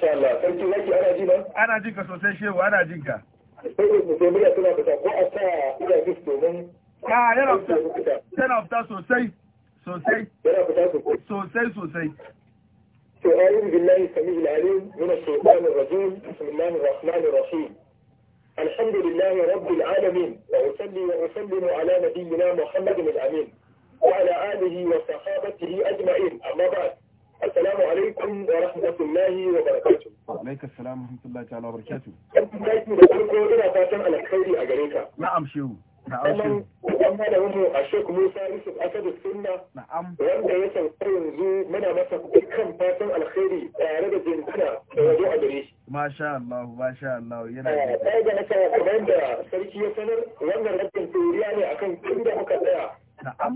Masha Allah, sarki zaki ana ji ba? Ana jin ka sosai shehu, ana jin ka. Sai da sai murya tana fita ko a sa ina jis domin. Ka yana fita, yana fita sosai, sosai. Yana fita sosai. Sosai sosai. To a'udhu billahi samii al-alim min ash-shaytan ar-rajim. Bismillahir rahmanir rahim. الحمد لله رب العالمين وأصلي وأسلم على نبينا محمد الأمين وعلى آله وصحابته أجمعين أما بعد Assalamu alaikum wa rahmatullahi wa barakatuh. Alaika salam wa rahmatullahi ta'ala wa barakatuh. da farko ina fatan alkhairi a gare ka. Na'am shehu. Na'am a Sheikh Musa Yusuf Asadu Sunna. Na'am. Wanda ya sauka yanzu muna masa dukkan fatan alkhairi tare da jinkuna da wajo a gare shi. Masha Allah, masha Allah yana eh, da. Ɗaya da nasa kamar da sarki ya sanar wannan rabin turiya ne akan tun da muka tsaya. Na'am.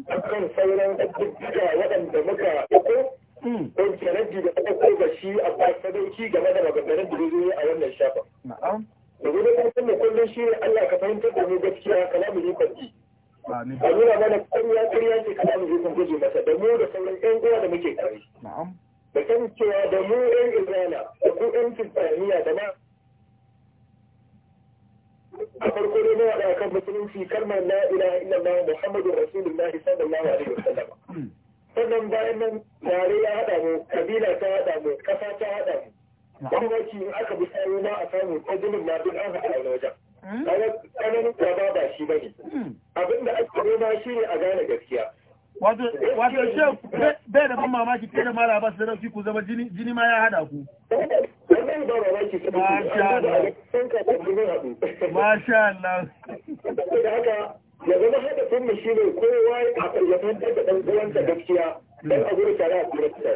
sauran abubuwa waɗanda muka ɗauko don ke da kuma kai ga shi a sadauki game da maganganun da zai a wannan shafa. Da gudu kan da kullum shi ne Allah ka fahimtar da mu gaskiya kalamu ne kwanci. A nuna mana ƙarya ƙarya ce kalamu ne kwanci guje masa da mu da sauran ƴan uwa da muke kare. Da kan cewa da mu ƴan Izrana da ku ƴan Tijjaniya da ma a farko ne na waɗa kan musulunci kalmar la ilaha illallah muhammadu rasulullahi sallallahu alaihi wasallam. Hmm. sannan bayan nan yare ya haɗa mu kabila ta haɗa mu ƙasa ta haɗa mu gwamnati in aka bi sayo ma a samu ko gudun ma duk an haɗa wani wajen ƙananin hmm? kwaba ba shi ba ne hmm. abin da ake nema shi ne a gane gaskiya wato wato shi bai da ban mamaki kai da mara ba su dauki ku zama jini jini ma ya hada ku wannan ba mamaki masha haɗu. masha Allah da haka ya zama hadafin mu shine kowa ya fahimtar da ɗan uwansa gaskiya dan a gudu tare a kirista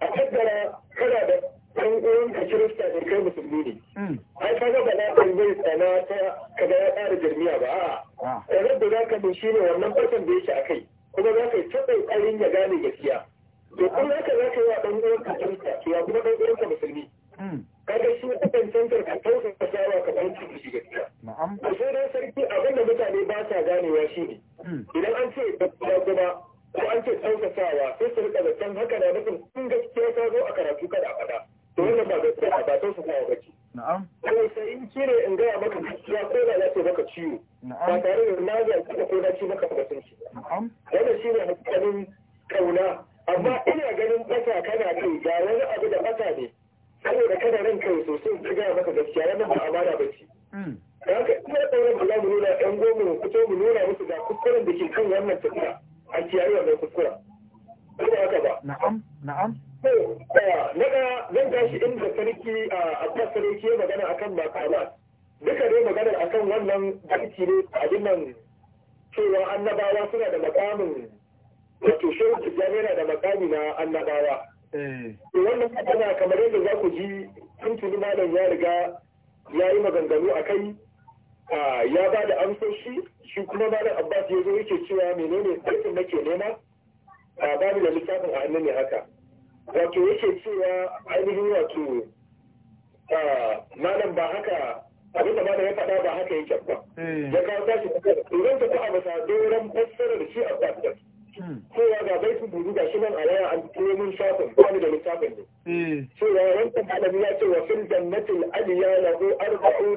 a kaddara kada da ɗan uwanka kirista ne kai musulmi ne hmm. ai ka ga bala ɗan zai tsana ta kaga ya ƙara jirmiya ba a'a ah. da za ka bi ne wannan farkon da yake a kai kuma za ka yi ta ƙoƙarin ya gane gaskiya to kuma haka za ka yi wa ɗan uwanka kirista to ya kuma ɗan uwanka musulmi hmm. kada su ku cancanta ka tausa ka shawa ka ban ciki shi gaskiya na'am a sai dai sarki abin da mutane ba sa ganewa ne. Hmm. idan an ce babba gaba ko an ce tausasawa sai su rika da zaton haka na nufin kun gaskiya ta zo a karatu kada a faɗa to wannan ba gaskiya ba tausasawa ba ce na'am ko sai in kire in gaya maka gaskiya ko da ya ce maka ciwo ba tare da na zai ko na ci maka mutunci na'am wannan shine hakikanin kauna amma ina ganin ɓata kana kai ga wani abu da ɓata ne saboda kada ran kai sosai ta gaya maka gaskiya wannan ba amana ba ce mm. da haka ya tsoron ba za mu nuna ɗan goma mu fito mu nuna musu ga kuskuren da ke kan wannan tafiya a kiyaye wannan kuskura ba haka ba na'am na'am na ɗaya zan tashi inda sarki a abbas sarki ya magana akan makama duka dai maganar akan wannan aiki ne nan cewa annabawa suna da makamin wato shehu tijjani yana da makami na annabawa Eh. wannan magana kamar yadda za ku ji tun tuni malam ya riga ya yi maganganu a kai ya ba da amsoshi shi kuma malam abbas ya zo yake cewa menene aikin nake nema a babu da lissafin a hannun ne haka wato yake cewa ainihin wato malam ba haka abin da malam ya faɗa ba haka yake ba eh. ya kawo tashi idan ta ta a masa doron fassarar shi abbas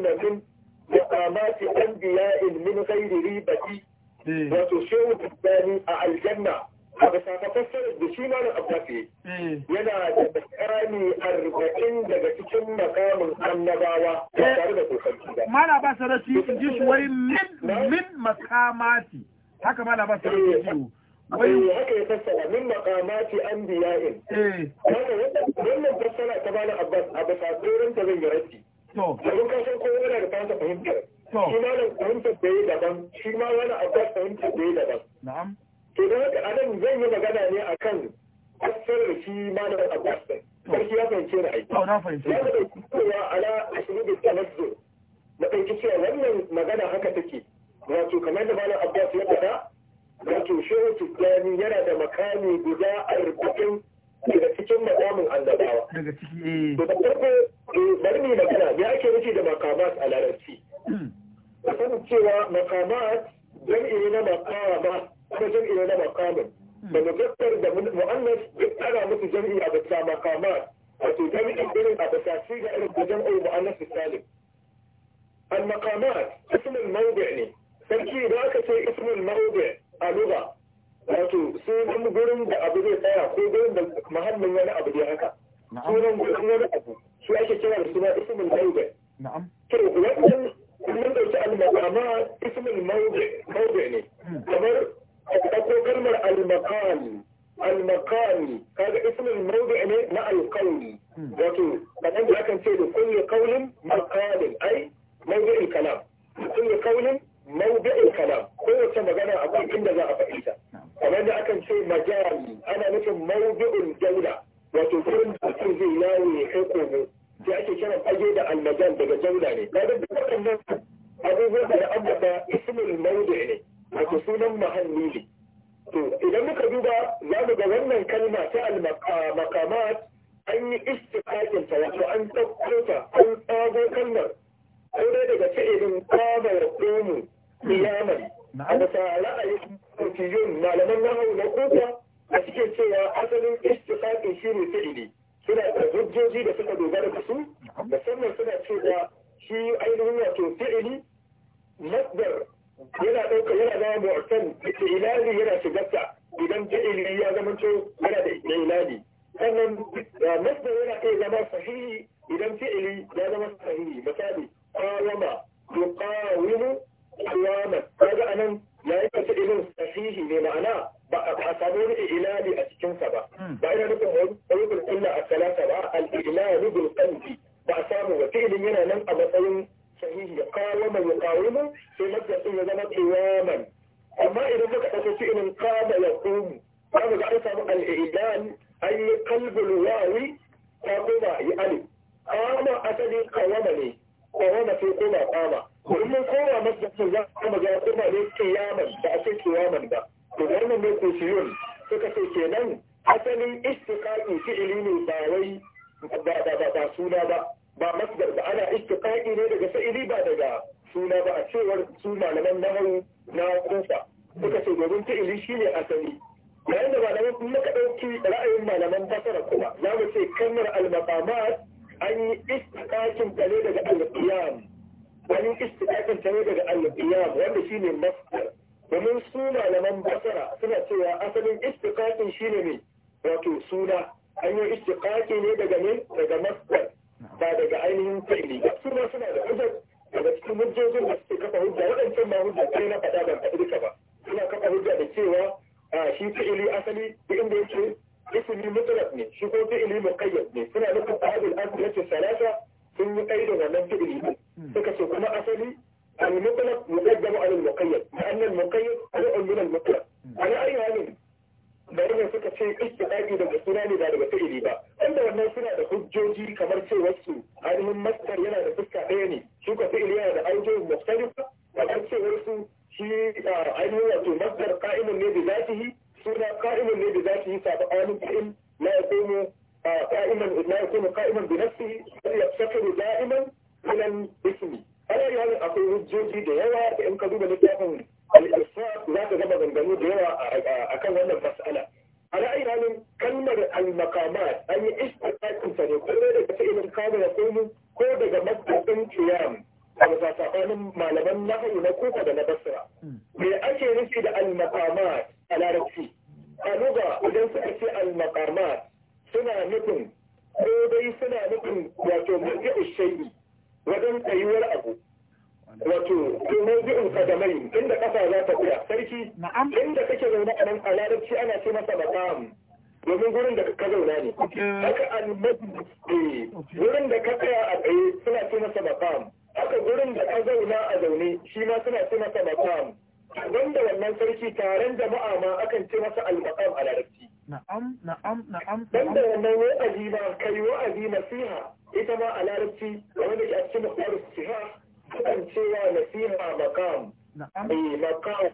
min maqamati anbiya'in min ghairi ribati eh. wato shehu tabbani a aljanna a bisa ka da shi ma na abbafi eh. yana da tsakani arba'in daga cikin makamin annabawa ba eh. tare da kokarci ba mala ba sarrafi in ji shi wai min makamati haka mala ba sarrafi ji wai haka ya fassara min makamati an biya in. ma wani abbas fahimta da ya daban na'am to da haka adam zan yi magana ne akan tafsirar shi malamin abbas din sarki ya fahimce ni aiki na fahimce ya ɗauki cewa ala ashirin da tanazzu na ɗauki cewa wannan magana haka take wato kamar da malam abbas ya faɗa wato shehu tijjani yana da makami guda a fi'ili ne ba wai ba suna ba ba masdar ba ana istiqaqi ne daga fi'ili ba daga suna ba a cewar su malaman nahawu na kufa suka ce domin fi'ili shine asali yayin da malaman kuma ka ɗauki ra'ayin malaman basara kuma za mu ce kalmar al an yi istiqaqin ta ne daga al-qiyam an yi istiqaqin ta ne daga al-qiyam wanda shine masdar domin su malaman basara suna cewa asalin istiqaqin shine ne wato suna an yi istiqaqi ne daga ne daga masdar ba daga ainihin fi'li ba su ma suna da hujja daga cikin hujjojin da suke kafa hujja waɗancan ma hujja kai na faɗa ban faɗi duka ba suna kafa hujja da cewa shi fi'ili asali duk inda yake ismi mutlaq ne shi ko fi'ili muqayyad ne suna nufin ahadul asli salasa sun yi kaidin wannan fi'ili suka ce kuma asali المطلق مقدم على المقيد لأن المقيد نوع من المطلق على أي هذه bari da suka ce istiqaqi daga suna ne ba daga fi'ili ba wanda wannan suna da hujjoji kamar ce wasu ainihin masdar yana da fuska ɗaya ne suka fi fi'ili yana da aujo mukhtalifa kamar ce wasu shi ainihin wato masdar qa'imun ne bi zatihi suna qa'imun ne bi zatihi sabanin fi'il la yakunu قائما لا يكون قائما بنفسه بل al'isa za ta gama gangano da yawa a akan wannan mas'ala a ra'ayin kalmar al-makamat an yi istikakin sa ne ko daga sa'ilin kamar komu ko daga makwabin kiyam a zasafanin malaman nahayi na kuka da na basira me ake nufi da al-makamat a larabci a idan suka ce al suna nufin ko suna nufin wato mai ga ishe wajen tsayuwar abu wato mawdu'in kadamai inda kafa za ta tsaya sarki inda kake zaune a nan a larabci ana ce masa maqam domin gurin da ka zauna ne haka al-majlis gurin da ka tsaya a tsaye suna ce masa maqam haka gurin da ka zauna a zaune shi ma suna ce masa maqam wanda wannan sarki taron jama'a ma akan ce masa al-maqam a larabci na'am na'am na'am wanda wannan wa'azi ma kai wa'azi nasiha ita ma a larabci wanda ke a cikin mukhtarus sihah kasancewa nasiha makam eh makam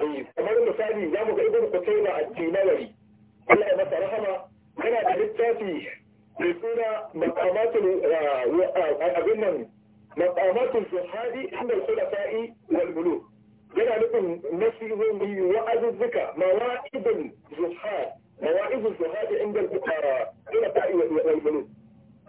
eh kamar misali za mu ga ibn kutayba at-tinawari Allah ya masa rahama yana da littafi mai suna maqamatul abin nan maqamatul jihadi inda al-khulafa'i wal muluk yana nufin nasihohi wa'azuzzuka mawa'idul jihad mawa'idul jihad inda al-fuqara ila ta'i wal muluk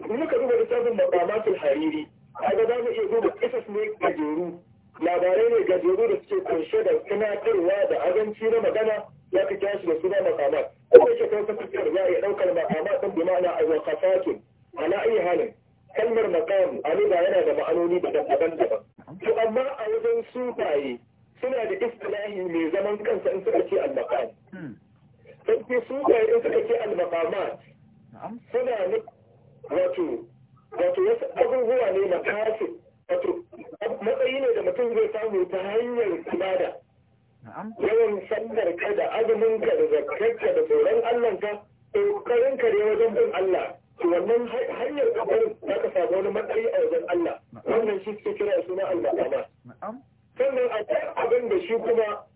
muka duba littafin maqamatul hariri kaga za mu iya duba kisas ne gajeru labarai ne gajeru da suke kunshe da tunatarwa da azanci na magana ya fi tashi da suna makamat kuma yake kan fasafiyar za a iya ɗaukar makamat ɗin bi ma'ana a wakafatun a ayi halin kalmar makamu a ba yana da ma'anoni daban daban to amma a wajen sufaye suna da istilahi mai zaman kansa in suka ce al-maqam sai sufaye in suka ce al-maqamat suna wato wato wasu abubuwa ne na makasi wato matsayi ne da mutum zai samu ta hanyar ibada yawan sandar ka da azumin ka da zakarka da tsoron Allah ka kokarin ka ne wajen bin Allah wannan hanyar kabarin za ka samu wani matsayi a wajen Allah wannan shi suke kira suna al ba sannan akwai abin da shi kuma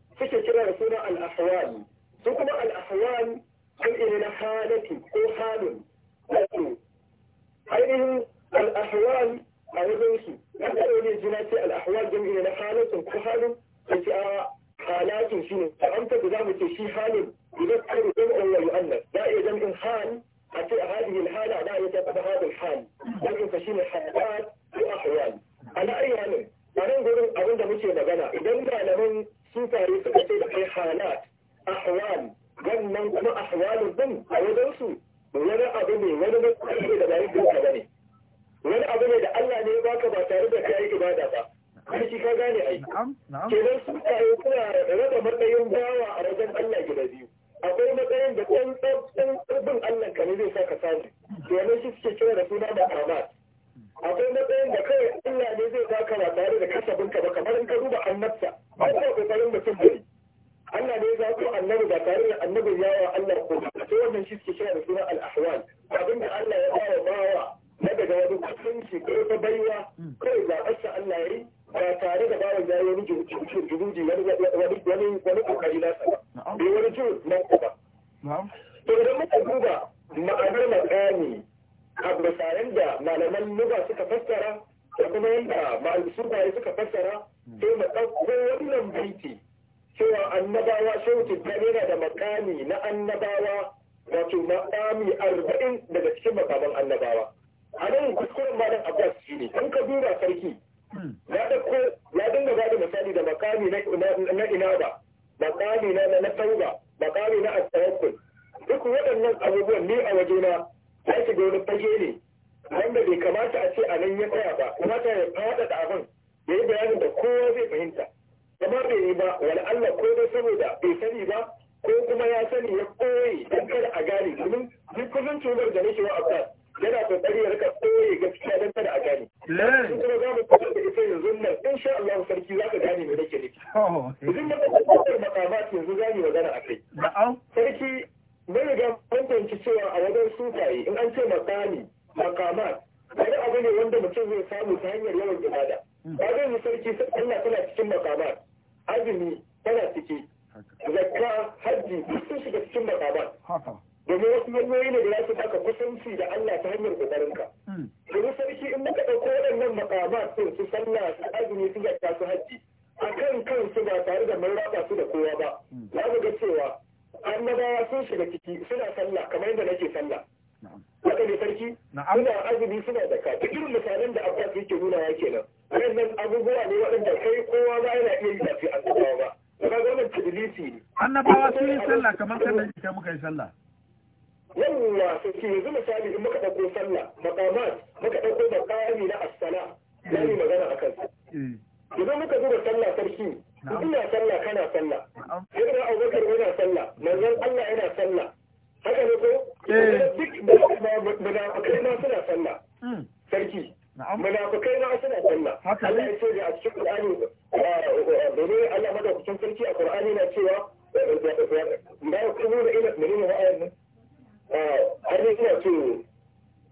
ce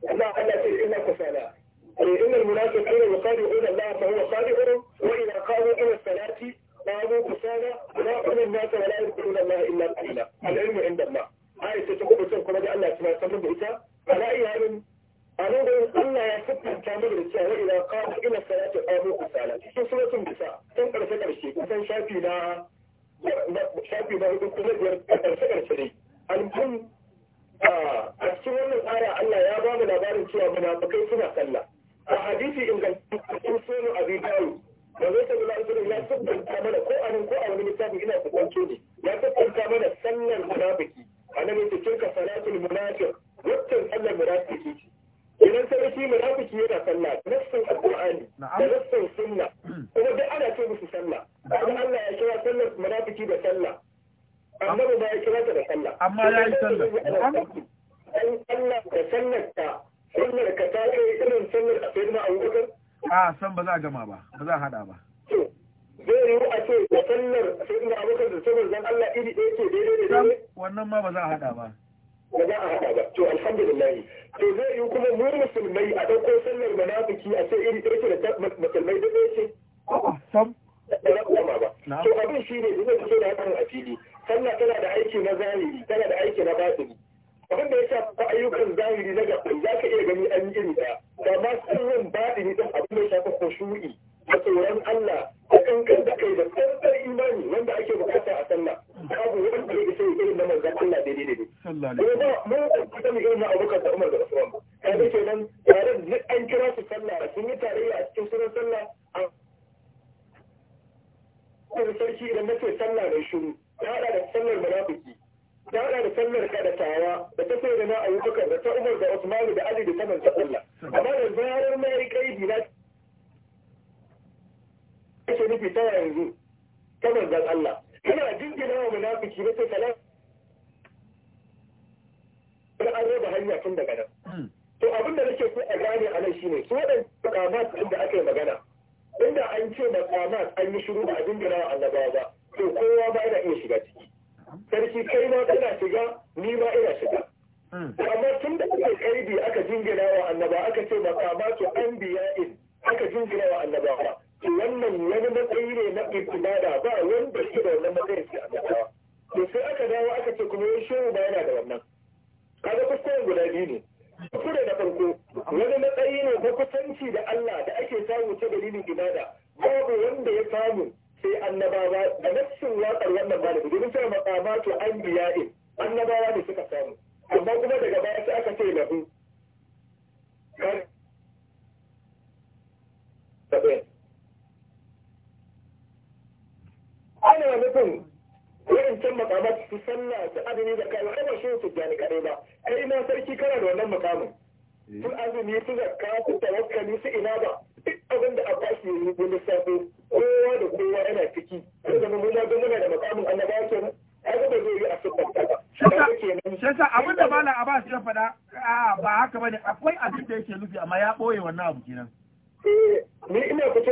Allah Allah ce ina kusala إن المنافقين يخادعون الله فهو خادعهم وإذا قاموا إلى الصلاة قاموا كسالى لا يؤمن الناس ولا يذكرون الله إلا قليلا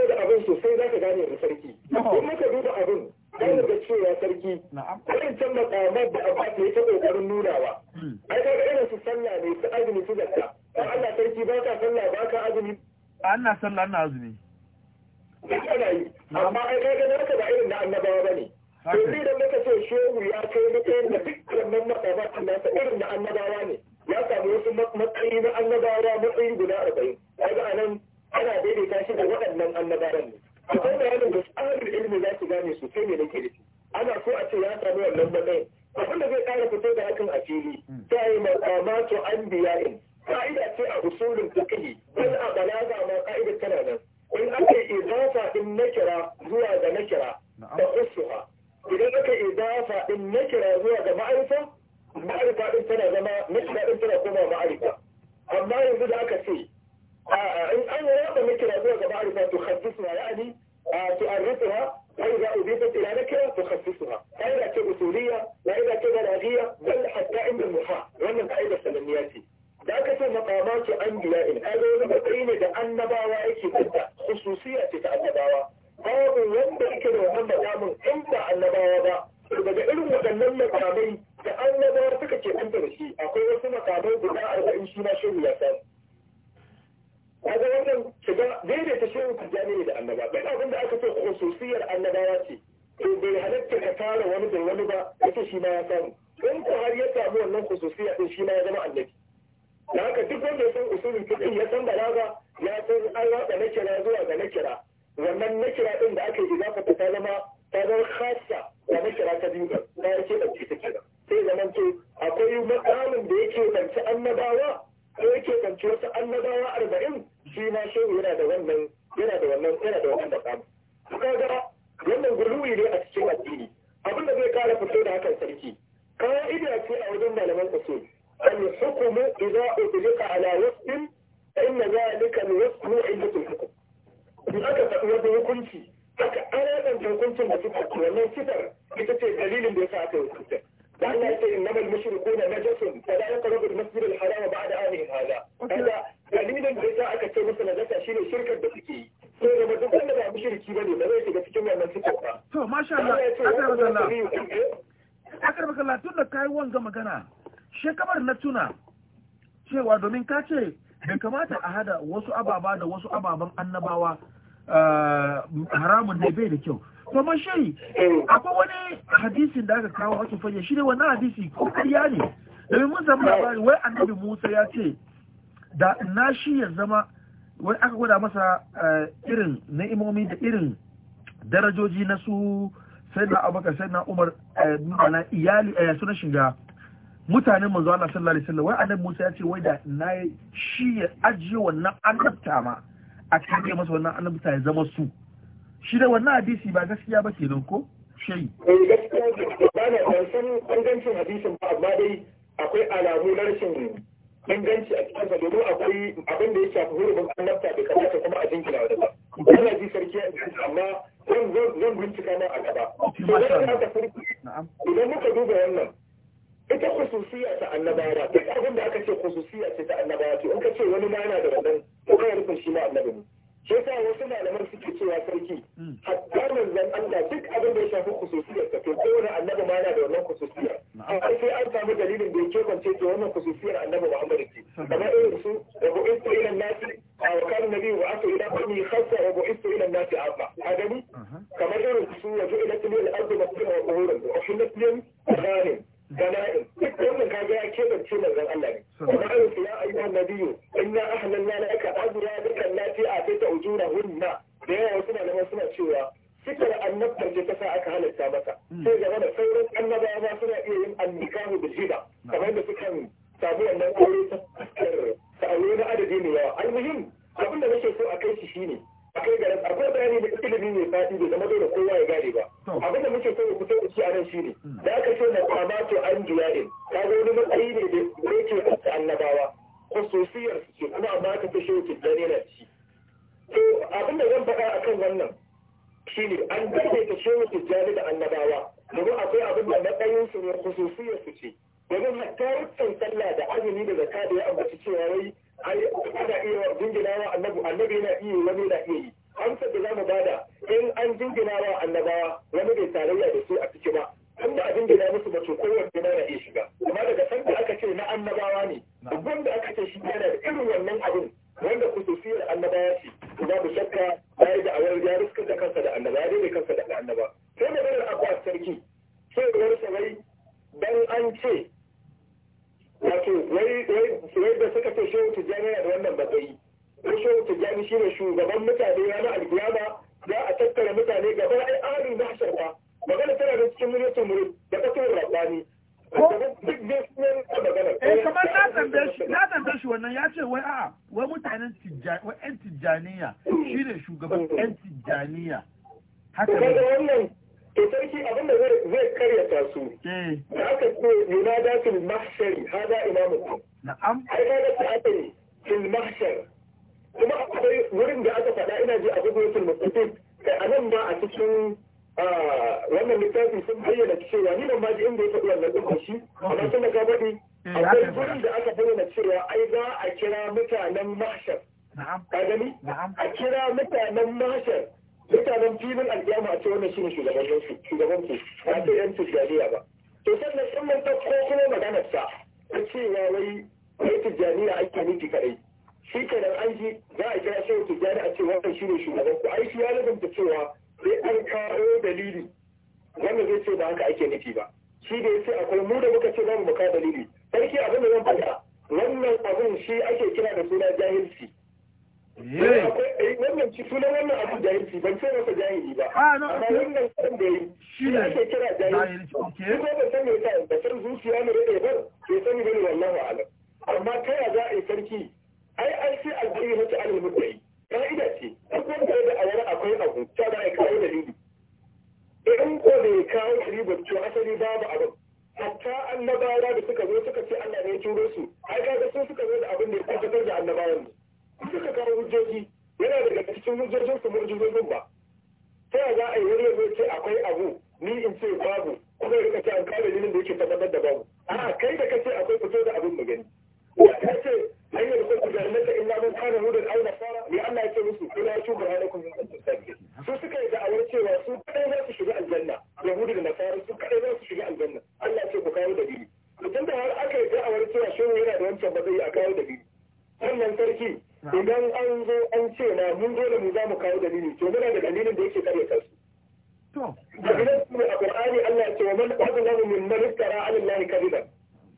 da abin sosai za ka gane da sarki in muka duba abin kan da cewa sarki irin can makamar da abu ne ta kokarin nunawa hmm. ai kaga irin su sallah ne su azumi su zakka ba Allah sarki ba ka sallah ba ka azumi na sallah na azumi kana yi amma ai kaga da ka ba irin na annabawa bane to sai da muka ce shehu ya kai matsayin da dukkan nan na ta irin na annabawa ne ya samu wasu matsayi na annabawa matsayi guda arba'in kaga anan ana daidaita shi da waɗannan annabaran ne akwai bayanin da tsarin ilimi za su gane su sai ne nake da ana so a ce ya samu wannan matsayin abin da zai ƙara fito da hakan a fili ta yi mamato an biya in ka'ida ce a usulin fiqhi wani a balaga ma ka'idar tana nan in aka yi idafa na kira zuwa ga kira da usuha idan aka yi idafa na kira zuwa ga ma'arifa ma'arifa ɗin tana zama nakira ɗin tana koma ma'arifa amma yanzu da aka ce إن أنا لا أمكن أبوها بعرفة تخصصنا يعني تعرفها فإذا أضيفت إلى نكرة تخصصها فإذا كأصولية وإذا كبلاغية بل حتى عند المحاة ومن قائد السلمياتي ذاك في مقامات أنبياء هذا يبقين ده أنباوة أيكي تبدا خصوصية تأنباوة باب يبدا كده وهم دامن أنت أنباوة با daga irin waɗannan makamai da annabawa suka ke ɗanta da shi akwai wasu makamai guda arba'in shi na shirin ya samu kaga wannan shiga daidaita shehu tijjani ne da annaba bai abin da aka ce khususiyar annabawa ce to bai halatta ka tara wani da wani ba yake shi ma ya samu in ko har ya samu wannan khususiyya din shi ma ya zama annabi da haka duk wanda ya san usulin fiqh ya san balaga ya san an watsa nakira zuwa ga nakira wannan nakira din da aka yi idafa ta zama ta zama khassa da nakira ta biyu ba ya yake da ta kira sai zaman to akwai makamin da yake banci annabawa ko yake banci wasu annabawa arba'in shi ma shehu yana da wannan yana da wannan yana da wannan makamu kaga wannan gurbi ne a cikin addini abin da zai kara fito da hakan sarki ka'ida ce a wajen malaman usul hukumu idza utlika ala وصف inna zalika الوصف علة الحكم in aka faɗi wani hukunci aka alaƙanta hukuncin da suka wannan sifar ita ce dalilin da ya sa aka yi hukuncin da Allah إنما المشركون نجس فلا يقرب المسجد الحرام بعد al هذا هذا amihim hada كتير dalilin da yasa aka بسكي musu da suke yi da duk wanda ba mushriki bane ba zai shiga cikin wannan sifar ba to masha Allah akar bakalla tun da kai wanga magana shekabar na tuna cewa domin ka ce bai kamata a hada wasu ababa da wasu ababan annabawa haramun ne bai da kyau kuma shi eh. akwai wani hadisin da aka kawo wasu fanya shi ne wani hadisi ko kariya ne domin mun samu eh. labari wai annabi musa ya ce da na shi ya zama wai aka gwada masa eh, irin na'imomi da irin darajoji na su sai na abubakar sai na umar na iyali a suna shiga mutanen manzo Allah sallallahu alaihi wasallam wai annabi Musa ya ce wai da na shi ya ajiye wannan annabta ma a cikin masa wannan annabta ya zama su shi da wannan hadisi ba gaskiya ba ke kenan ko shai eh gaskiya ba da ban san ingancin hadisin ba amma dai akwai alamu na rashin inganci a cikin domin akwai abin da ya shafi hurumin annabta da kamata kuma a jinkira da ba ana ji sarki amma zan zan bincika ma a gaba to dan haka sarki idan muka duba wannan ita kususiya ta annabawa duk abin da aka ce kususiya ce ta annabawa to in ka ce wani ma yana da wannan ko kai rufin shi ma annabi ne shi yasa wasu malaman suke cewa sarki hmm. hatta manzon Allah duk abin da ya shafi khususiyar ka to kowane annabi ma yana da wannan khususiyar amma sai an samu dalilin da yake kwance to wannan khususiyar annabi Muhammad ce kamar irin su rabu'istu ila nasi aw kana nabiyyu wa atu ila qawmi khassa rabu'istu ila nasi amma gani kamar irin su wa ju'ilat lil ardi masjidan wa quhuran wa uhillat a ghanim bala'in duk wannan ga ya kebance manzon Allah ne kuma an su ya ayyuha nabiyyu inna ahlalna laka azwajaka allati atayta ujurahunna da yawa wasu malaman suna cewa sikar annabtar da ta sa aka halatta masa hmm. sai gaba da sauran annabawa ma suna iya yin annikahu da jiba hmm. kamar da suka samu wannan aure ta aure na adadi ne yawa almuhim abin da nake so a kai shi shine akwai garin akwai bayani da ilimi mai fadi bai zama dole kowa ya gane ba abin da muke so mu fito da shi a nan shine hmm. da aka ce na amatu an jiya'in ka ga wani matsayi ne da yake annabawa khususiyar su ce kuma amma aka fi shehu tijjani na ci to abin da zan faɗa akan wannan shine an daidaita shehu tijjani da annabawa domin akwai abin da matsayin su ne khususiyar su ce wajen ta wancan sallah da azumi da zakka da ya ambaci cewa wai ai ana iya jinginawa annabi annabi yana iya wani yana iya yi amsar da zamu bada in an jinginawa annabawa wani bai tarayya da su a ciki ba an da a jingina musu ba to kowanne na iya shiga amma daga san da aka ce na annabawa ne duk da aka ce shi yana da irin wannan abin wanda kususiyar annabawa ce to babu shakka ya yi da'awar ya riskar da kansa da annaba ya daidai kansa da annaba sai maganar a sarki sai ya rasa wai dan an ce wato wai da suka ce shehu tijjani yana da wannan matsayi ko shehu tijjani shi ne shugaban mutane ranar alkiyama za a tattara mutane gaba ɗaya ahalin bashar ba magana tana da cikin mulkin murid da kasuwar ko Eh kamar na tambaye shi na tambaye shi wannan ya ce wai a'a wai mutanen tijjani wai yan tijjaniya ne shugaban yan tijjaniya haka ne to sarki abin da zai karyata su eh. da aka ko yana da fil mahshari hada imamukum na'am ai kaga ta aka ne fil mahshar kuma akwai wurin da aka faɗa ina ji a gudunatul mustaqim kai a nan ba a cikin wannan littafi sun bayyana cewa ni ban ma ji inda ya faɗi wannan ɗin shi amma tun da ka faɗi eh, akwai wurin da aka bayyana cewa ai za a kira mutanen mahshar ka gani a kira mutanen mahshar mutanen filin alƙiyama a ce wannan shi ne shugaban ku ba ta yan tijjaniya ba to sannan in mun ta ko kuma maganar sa ta ce ya wai wai tijjaniya ake miki kadai shi nan an ji za a kira shi tijjani a ce wannan ne shugaban ku ai shi ya lazanta cewa sai an kawo dalili wannan zai ce ba haka ake nufi ba shi da ya ce akwai mu da muka ce za mu kawo dalili sarki abin da zan faɗa wannan abin shi ake kira da suna jahilci Eh. Eh, wannan ci sunan wannan abu da jahilci ban ce masa jahili ba ah, amma wannan kan da yi shi ne ake kira jahilci shi ko ban san me yasa da san zuciya ne da bar ke sani bane wallahu alam amma kai za a yi sarki ai ai sai alheri mace alal mutai ka'ida ce duk wanda da awara akwai abu ta da ai kawo dalili in ko da ya kawo riba to asali babu abu hatta annabawa da suka zo suka ce Allah ne ya turo su ai kaga sun suka zo da abin da ya tabbatar da annabawan suka kawo hujjoji yana daga cikin hujjojin su murjizojin ba ta za a yi wani yanzu ce akwai abu ni in ce babu kuma ya rika ce an kare jinin da yake tabbatar da babu a kai da kace akwai fito da abin magani wata ce hanyar ko ku da illa mun kare hudun aw nasara ne Allah ya ce musu kula ya tuba halakum min al-sakin su suka yi da'awar cewa su kaɗai za su shiga aljanna yahudu da nasara su kaɗai za su shiga aljanna Allah ce ku kawo dalili idan da har aka yi da'awar cewa shehu yana da wancan matsayi a kawo dalili wannan sarki idan an zo an ce na mun dole mu za mu kawo dalili to muna da dalilin da yake kare kansu to da idan kuma a qur'ani Allah ya ce wa man qadala min man iftara ala allahi kadiban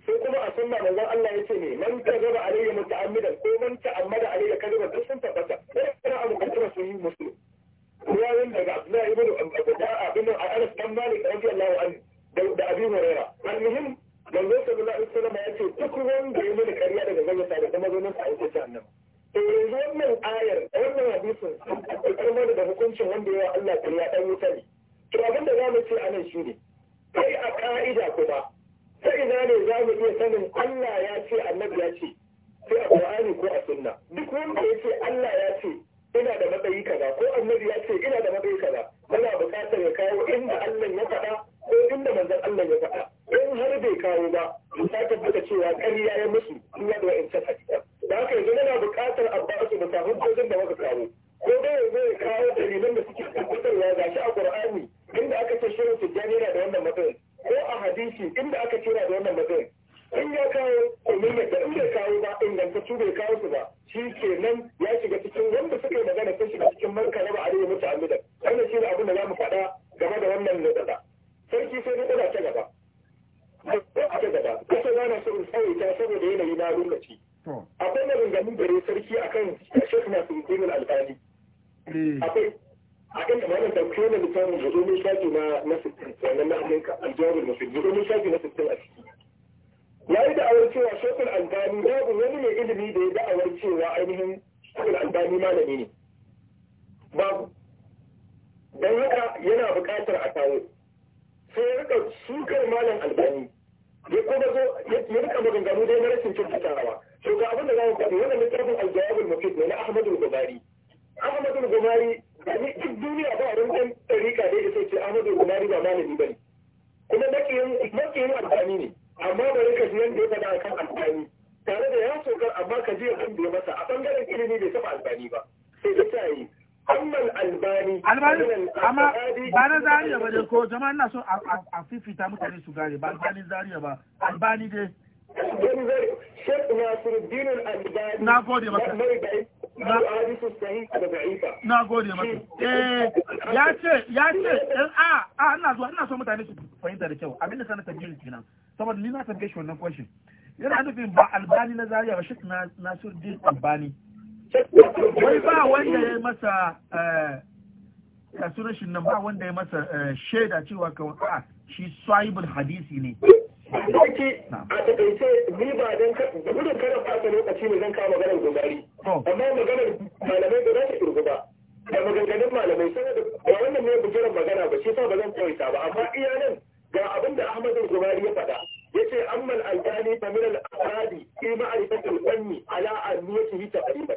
sai kuma a sunna manzon Allah ya ce ne man kadaba alayya muta'ammidan ko man ta'ammada alayya kadiban duk sun tabbata wannan a kan tura sun yi musulmi ruwayoyin daga Abdullahi ibn Abdullah a Anas dan Malik radiyallahu anhu da Abi Hurairah al-muhim manzo sallallahu alaihi wasallam ya ce duk wanda ya mini kariya daga zanga sa da kuma zo nan sa a yake jahannama eh wannan ayar wannan hadisin akwai kalmar da hukuncin wanda yawa Allah ta ya dan wuta ne to abin da zamu ce anan shi ne kai a ka'ida kuma sai ina ne zamu iya sanin Allah ya ce annabi ya ce sai a Qur'ani ko a sunna duk wanda ya ce Allah ya ce ina da matsayi kaza ko annabi ya ce ina da matsayi kaza muna buƙatar ya kawo inda Allah ya faɗa ko inda manzon Allah ya faɗa in har bai kawo ba mu tabbata cewa ƙarya ya musu in ya da wa'ancan hadisa da haka yanzu muna buƙatar abbasu da samun kojin da muka kawo ko dai yanzu ya kawo dalilan da suke tabbatarwa shi a Qur'ani inda aka ce shirin tijjani yana da wannan matsayin ko a hadisi inda aka ce yana da wannan matsayin in ya kawo umarnata in bai kawo ba ingantattu bai kawo su ba shi ke nan ya shiga cikin wanda suka yi magana sun shiga cikin marka na ba'ari ya mutu amida wannan shi ne abin da za mu faɗa game da wannan nutsada sarki sai na ɗaga ta gaba ta gaba kasa gana so in tsawaita saboda yanayi na lokaci akwai maganganun gare sarki akan shek na min al'adani eh. akwai a kan kamar da kuma littafin da zo mun shafi na na sittin sannan na amurka aljawar musulmi zo mun shafi na sittin a ciki ya yi da'awar cewa shekul albani babu wani mai ilimi da ya da'awar cewa ainihin shekul albani malami ne babu don haka yana bukatar a kawo sai ya rika sukar malam albani ya kuma zo ya rika maganganu dai na rashin kyautatawa to ga abin da za mu faɗi wannan littafin aljawabul mufid ne na ahmadul gumari ahmadul gumari duk duniya ba wani ɗan ɗarika da ya ce ahmadul gumari ba malami ba ne kuma makiyin albani ne amma ba rika ji yadda ya faɗa a kan amfani tare da ya sokar amma ka ji yadda ya masa a ɓangaren ilimi bai saba albani ba sai da ta yi amman albani albani amma ba na zariya ba dai ko jama'a ina so a fifita mutane su gane ba albani zariya ba albani dai albani zariya Shek Nasiruddin Albani na gode maka na hadisu sahih na gode maka eh ya ce ya ce eh, a a ina so mutane su fahimta da kyau abinda sanata biyu kenan saboda ni na shi wannan kwashin yana nufin ba albani na zariya ba na nasir din albani wai ba wanda ya masa eh, ya sunan shi nan ba wanda ya masa eh, shaida cewa kawai a ah, shi sahibul hadisi ne Sarki a takaice ni ba don gudun kada fata lokaci ne zan kawo maganar gungari. Amma maganar malamai ba za ta irgu ba. Da maganganun malamai saboda ba wannan ne bujiran magana ba shi sa ba zan tsawaita ba amma iya nan ga abin da Ahmadu ذلك من الأفراد في معرفة الفن على أهميته تقريبا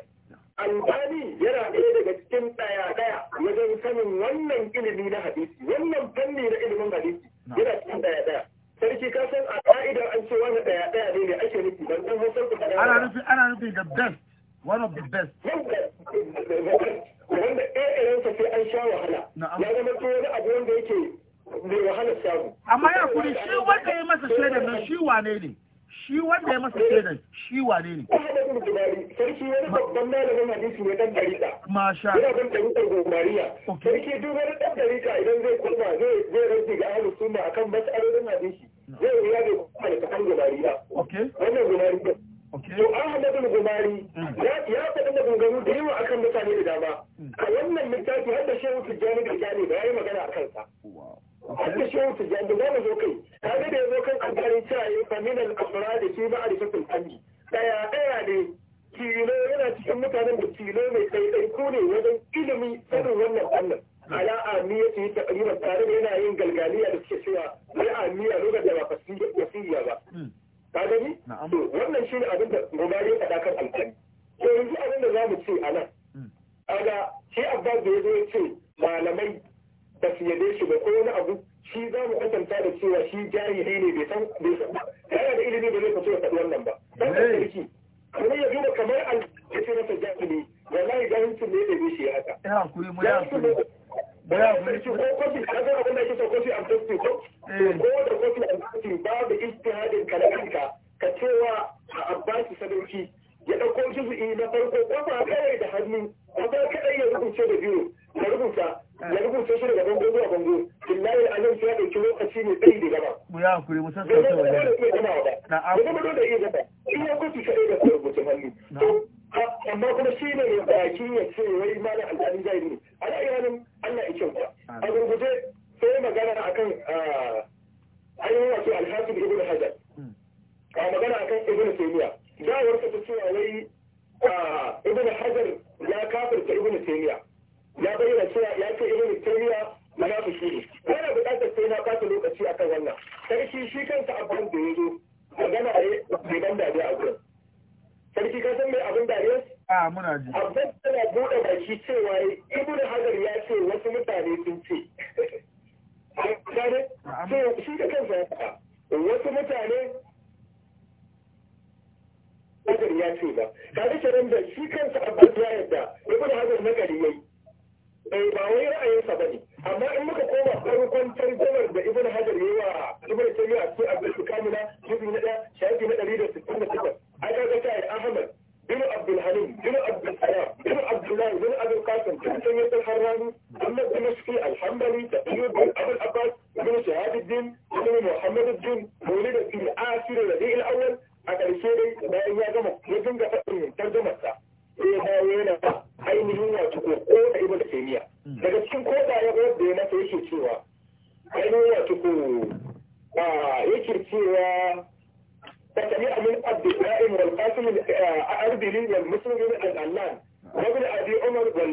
wannan hadisi ne dan dariƙa masha yana dan dariƙar gomariya sarki duk wani dan dariƙa idan zai koma zai zai rage ga ahlus sunna akan mas'alolin hadisi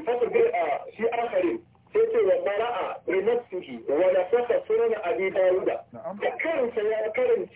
fasa bai a shi akarin sai ce wa mara'a rinatsuhi wa da fasa suna abi dawuda da karin sa ya karin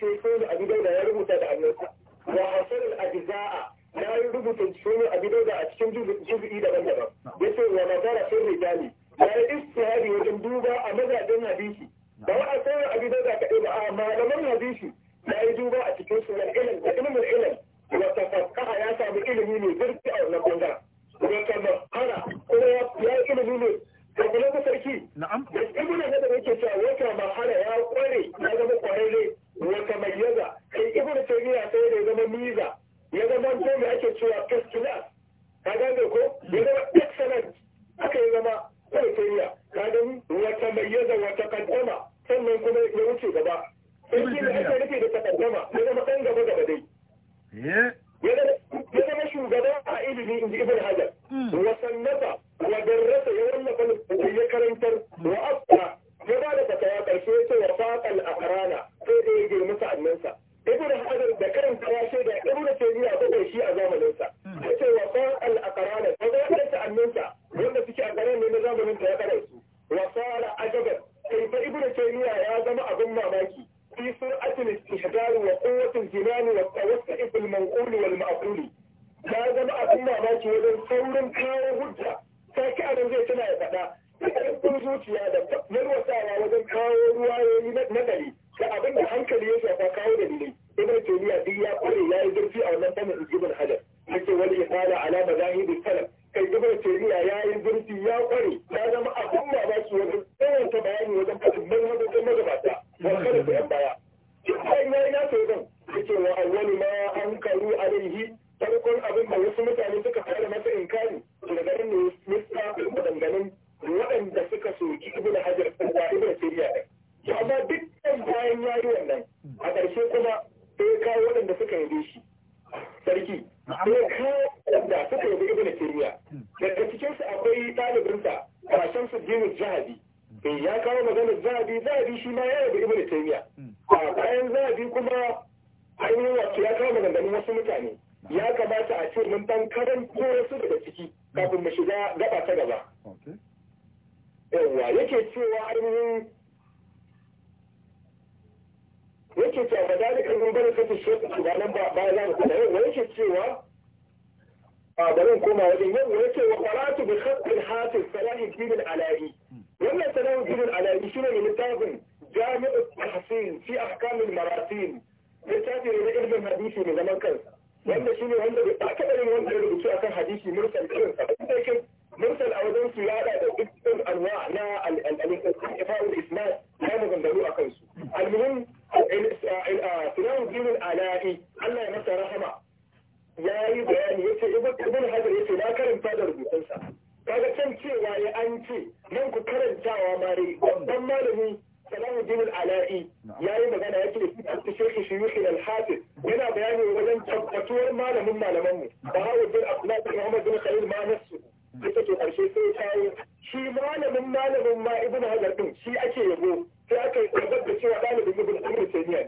cewa ɗalibin ibn ibn taymiya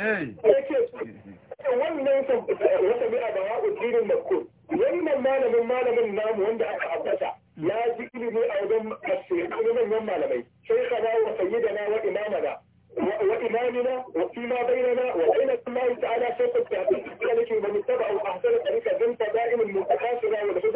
yayi wannan wata ba wa ujirin wannan malamin malamin namu wanda aka ambata ya ji ilimi a wajen asirin manyan malamai sai ka wa sayyidana wa imamana وإمامنا sai بيننا وبين الله تعالى شيخ taba ذلك ومن اتبعوا أحسن طريق ذنب دائم المتكاسلة والحب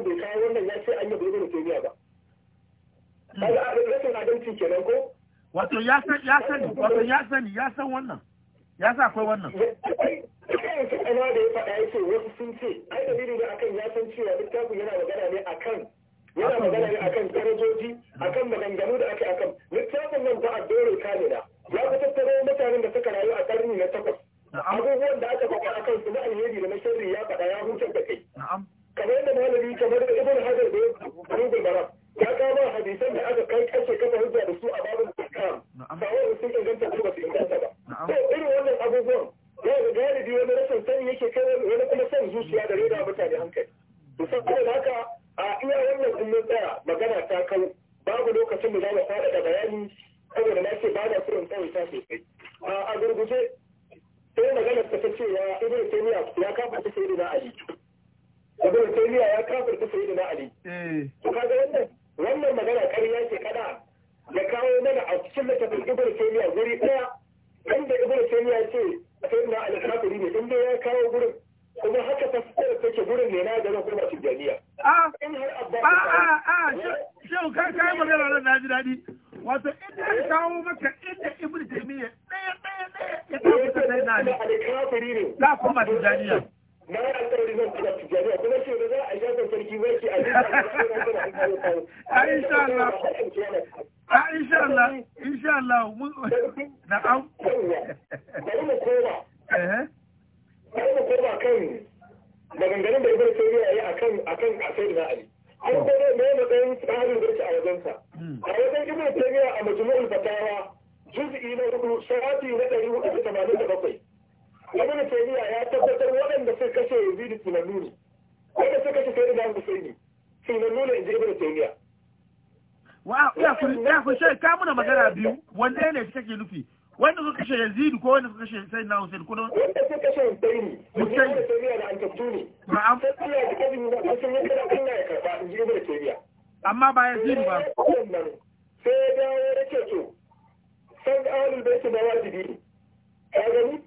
ku bai kawo wannan ya ce an yi bai zai ba kaga a don kenan ko wato ya san ya sani wato ya sani ya san wannan ya sa akwai wannan su ana da ya faɗa ya ce wasu sun ce ai ne akan ya san cewa littafin yana magana ne akan yana magana ne akan darajoji akan da ake akan littafin nan ba a dole kane da ya fi tattaro mutanen da suka rayu a karni na takwas abubuwan da aka faɗa akan su na alheri da na sharri ya faɗa ya hutar da kai kamar yadda malami kamar da ibn hajar da ya rubin baram ya kama hadisan da aka kai kace kafa hujja da su a babin islam ba wai sun inganta ko ba su inganta ba to irin wannan abubuwan ya ga galibi wani rashin sani yake kai wani kuma son zuciya da rera mutane hankali musamman haka a iya wannan kullum tsaya magana ta kau babu lokacin da za mu fara da bayani saboda na ce ba da so in tsawaita sosai a gurguje sai maganar ta cewa ibn taymiya ya kafa ta sai sayyidina ali abin taimiya ya kafirta sai da ali eh. to kaga wannan wannan magana ƙarya ce kada ya kawo mana a cikin littafin ibn taimiya guri ɗaya inda ibn taimiya ce sai da ali kafiri ne inda ya kawo gurin kuma haka ta fasara take gurin ne na garin kuma tijaniya a a a shehu ka kai magana nan na ji daɗi wato inda ya kawo maka inda ibn taimiya ɗaya ɗaya ɗaya ya kawo maka sai na ali kafiri ne na kuma tijaniya na yi alƙawari zan kula tijjaniya kuma ce da za a shafin sarki zai ce a insha Allah a insha Allah insha Allah mun na am bari mu koma eh bari mu koma kan maganganun da ibn tayyiba yi akan akan asai na ali an kuma me matsayin tsarin da yake a wajensa hmm. a wajen ibn tayyiba a majmu'ul fatawa juz'i na 4 shafi na 487 ibn taymiya ya tabbatar waɗanda sai kashe yazid sunanu ne wanda sai kashe sayyidina husaini sunanu ne inji ibn taymiya wa ya ku ya ku shi ka muna magana biyu wanda ne kake nufi wanda suka kashe yazid ko wanda suka kashe sai sayyidina husaini ko wanda suka kashe husaini sai ibn taymiya da antabtuni na'am sai ya kaji mun da sun yi kada Allah ya karba inji ibn taymiya amma ba yazid ba sai da ya ce to san ahlul bait ba wajibi ne ka gani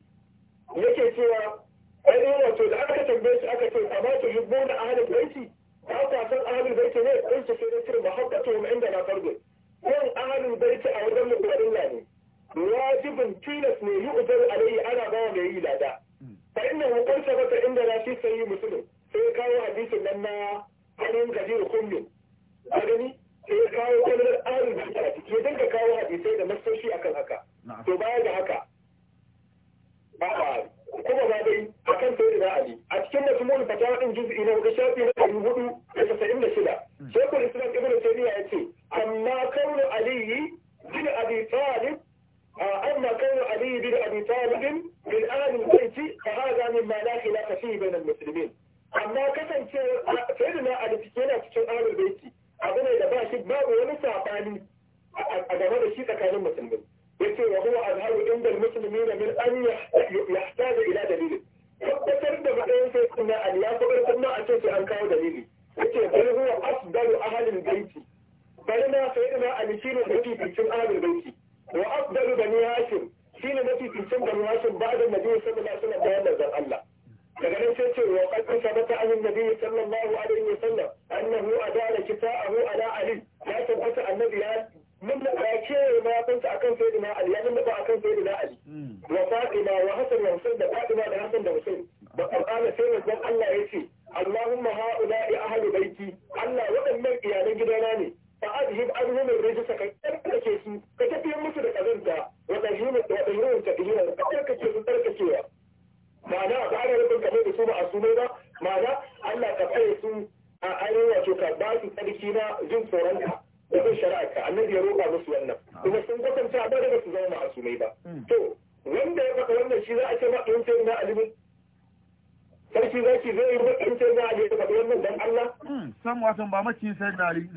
yake cewa ainihin wato da aka tambaye shi aka ce amma to yubbu na ahalin baiti ba ka san ahalin baiti ne ɗin su sai da ce mahabbatu wa inda na fargo yin ahalin baiti a wajen mu farilla ne wajibin tilas ne yi ubar alayhi ana ba mai yi lada fa inna hu qad sabata inda na fi yi musulun sai kawo hadisin nan na hannun da kullu a gani sai ya kawo kwanar ahalin baiti a ciki ya dinga kawo hadisai da masoshi akan haka to baya da haka a'a kuma ba dai akan sai da ali a cikin mazmun fatawa din juz'i na hudu shafi na ɗari hudu da tasa'in da shida shekul islam ibnu taymiya ya ce amma kaunu aliyi bin abi talib أما كون علي بن أبي طالب من آل البيت فهذا مما لا خلاف فيه بين المسلمين amma kasancewa sayyidina ali yana cikin ahlul baiti abu ne da ba shi babu wani sabani a game da shi tsakanin musulmi yace wa huwa da musulmi almuslimin min an yahtaja ila dalili. tabbatar da matsayin sai kuma an ya kuma a ce an kawo dalili yace bal huwa afdalu ahlil sai bal a sayyidina ali shine mafi bincin ahlil baiti wa afdalu bani hashim shine mafi bincin bani ba da nabi sallallahu alaihi wasallam bayan manzon Allah daga nan sai ce wa qad sabata makiyin sayyidina ali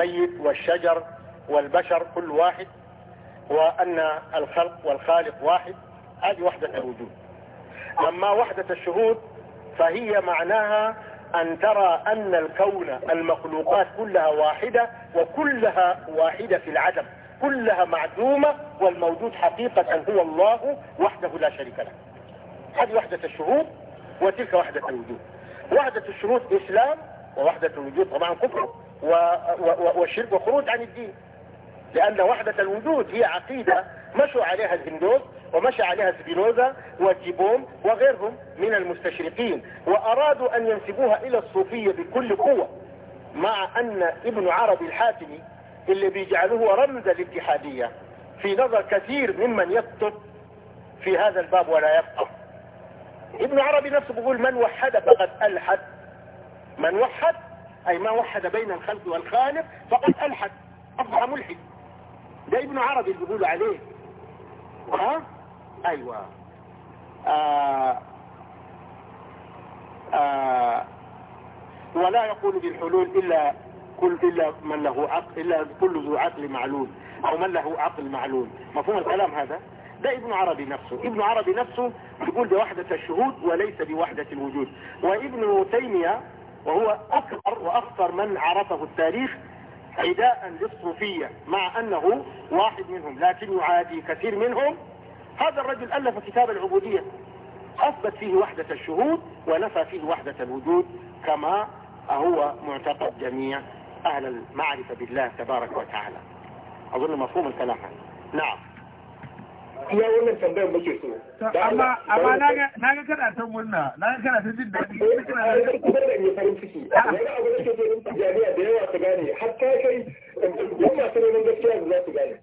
الميت والشجر والبشر كل واحد وأن الخلق والخالق واحد هذه وحدة الوجود أما وحدة الشهود فهي معناها أن ترى أن الكون المخلوقات كلها واحدة وكلها واحدة في العدم كلها معدومة والموجود حقيقة هو الله وحده لا شريك له هذه وحدة الشهود وتلك وحدة الوجود وحدة الشروط إسلام ووحدة الوجود طبعا كفر والشرك وخروج عن الدين لأن وحدة الوجود هي عقيدة مشوا عليها الهندوس ومشى عليها سبينوزا وجيبون وغيرهم من المستشرقين وأرادوا أن ينسبوها إلى الصوفية بكل قوة مع أن ابن عربي الحاتمي اللي بيجعله رمز الاتحادية في نظر كثير ممن يكتب في هذا الباب ولا يفقه ابن عربي نفسه بيقول من وحد فقد ألحد من وحد أي ما وحد بين الخلق والخالق فقد ألحد أصبح ملحد ده ابن عربي اللي بيقولوا عليه ها أيوة آه آه ولا يقول بالحلول إلا كل إلا من له عقل إلا كل ذو عقل معلول أو من له عقل معلول مفهوم الكلام هذا ده ابن عربي نفسه ابن عربي نفسه يقول بوحدة الشهود وليس بوحدة الوجود وابن تيمية وهو أكبر وأكثر من عرفه التاريخ عداء للصوفية مع أنه واحد منهم لكن يعادي كثير منهم هذا الرجل ألف كتاب العبودية أثبت فيه وحدة الشهود ونفى فيه وحدة الوجود كما هو معتقد جميع أهل المعرفة بالله تبارك وتعالى أظن مفهوم الكلام نعم iya wannan tambayar muke so amma amma na ga kana ta murna na ga kana ta jin daɗi ne kana da kuma da ne farin ciki wani abu da ke so in jami'a da yawa su gane har ta kai duk masu neman gaskiya za su gane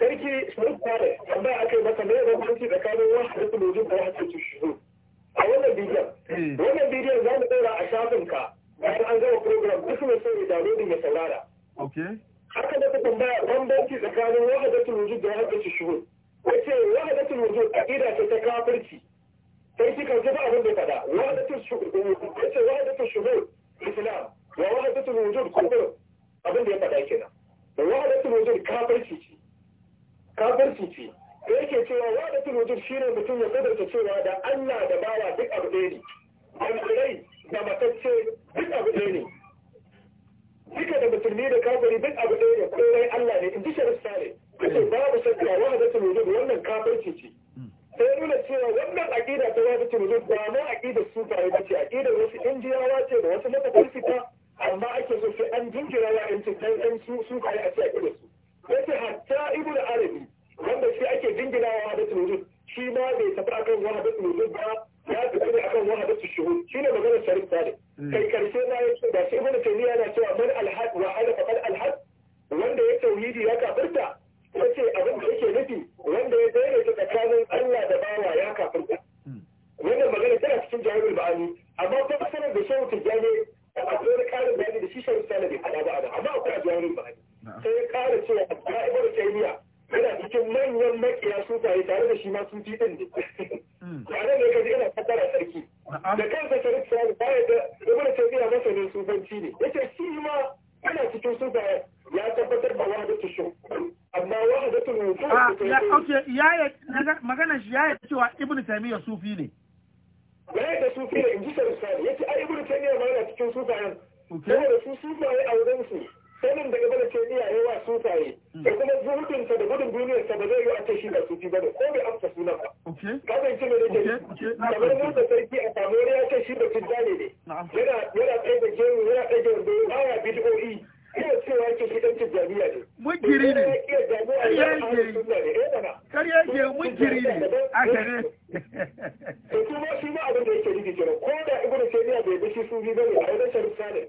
sarki sun fara amma yi masa ne ci tsakanin wasu da lojin da wasu su shigo a wannan bidiyon wannan bidiyon za mu ɗora a shafinka bayan an gama program duk mai so ya downloading ya saurara haka da ta tambaya bambanci tsakanin wahadatul wujud da wahadatul shuhud yace wahdatul a aqida ce ta kafirci sai kika ji ba abin da fada wahdatul shuhud yace wahdatul islam wa wahdatul wujud kufur abin da ya fada ke nan wahdatul wujud kafirci ce kafirci ce da yake cewa wahdatul shi ne mutum ya kadarta cewa da Allah da bawa duk abu ɗaya ne alƙalai da matacce duk abu ɗaya ne duka da musulmi da kafiri duk abu ɗaya ne kullai Allah ne in ji shari'a ne kace babu shakka wahdatul wujud wannan kafirci ce sai nuna cewa wannan aqida ta wahdatul wujud ba ma aqida su ba bace aqidar wasu injiyawa ce da wasu fita. amma ake so sai an jinkira wa in cikin ɗan su su kai a ce aqidar su yace hatta da arabi wanda shi ake jingina wa wahdatul wujud shi ma bai tafi akan wahdatul wujud ba ya tafi ne akan wahdatul shuhud ne maganar sharif salih hmm. kai karshe na yace da shi ibnu taymiya yana cewa man alhad wa hada faqad alhad wanda ya tauhidi ya kafirta yace abin da yake nufi wanda ya ta tsakanin Allah da bawa ya kafirta wannan magana tana cikin jawabin ba'ani amma fassarar da shehu tijjani akwai wani karin bayani da shi shehu tijjani bai faɗa ba a amma akwai a jawabin ba'ani sai ya kara cewa ka'ibar taymiya yana cikin manyan makiya sufaye tare da shi ma sun fi ɗin ne tare da ya ji yana fassara sarki da kansa sarki ya da ibn taymiya masanin sufanci ne yace shi ma ana cikin su da ya tabbatar da wahadatu shu amma wahadatu wujud ah, ya okay ya ya magana shi ya ya cewa ibnu taymiya sufi ne ya da sufi ne in ji sarsa yace ai ibnu taymiya ma yana cikin sufayan saboda su sufaye a wurin su sanin da bada ce iya yawa sufaye hmm. da kuma zuhudinsa da gudun duniyarsa ba zai yi a ce shi da sufi ba ne ko bai amsa sunan ba kafin shi ne da ke kamar musa sarki a samuwar ya ce shi da tijjani ne yana tsaye da gemu yana tsaye da wanda ba ya bid'o'i iya cewa ke shi dan tijjaniya ne mujiri ne kariya ke mujiri ne eh, aka ne to kuma shi ma abin da yake nufi kenan ko da ibnu taymiya bai bi shi sufi ne a wajen sharif salim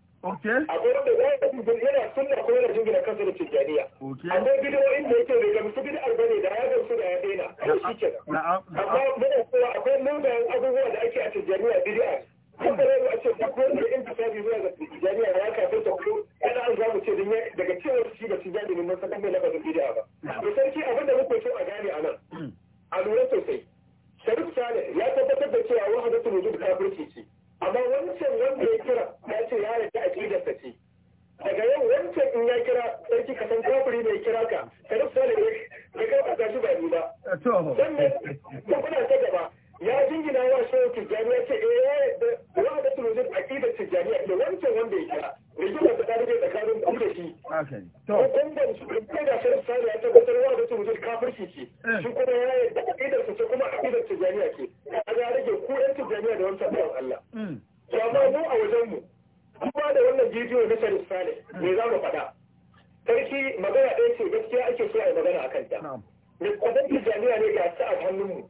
Okay. Akwai wanda za ya jingina yana sunna ko yana jingina kansa da tijjaniya. Okay. Akwai bidiyoyin da yake bai gamsu bid'ar bane da ya gamsu da ya daina. Kada shi ke. Na'am. Amma muna cewa akwai mugayen abubuwa da ake a tijjaniya bid'a. Kun da a ce duk wanda in ta sabi zuwa ga tijjaniya ya kafin ta kudu yana an zamu ce daga cewar shi ba tijjani ne mun san kan bai lafazin bid'a ba. To sarki abin da muke so a gane a nan. A lura sosai. Sharif Saleh ya tabbatar da cewa wahadatul wujud kafirci ce. amma wancan wanda ya kira ya ce ya yarda a cikin ce daga yau wancan in ya kira sarki ka san kafiri ne kira ka ka rufe da ya karɓa shi ba ni ba sannan kuna ta gaba ya jingina wa shehu tijjani ya ce eh ya yadda wa da tuluzin aqida tijjani da wancan wanda ya kira wata ta dare tsakanin ku da shi to kun da su kai da shehu da ya tabbatar wa da tuluzin kafirci ce eh. shi kuma ya yadda aqida su ce kuma aqida tijjani ce ga rage ku yan tijjani da wancan bawan Allah mm. to amma mu a wajen mu kuma da wannan bidiyo na shehu sai me za mu faɗa sarki magana ɗaya ce gaskiya ake so a yi magana a kanta. Ne kwadon tijjaniya ne ga ta a hannunmu.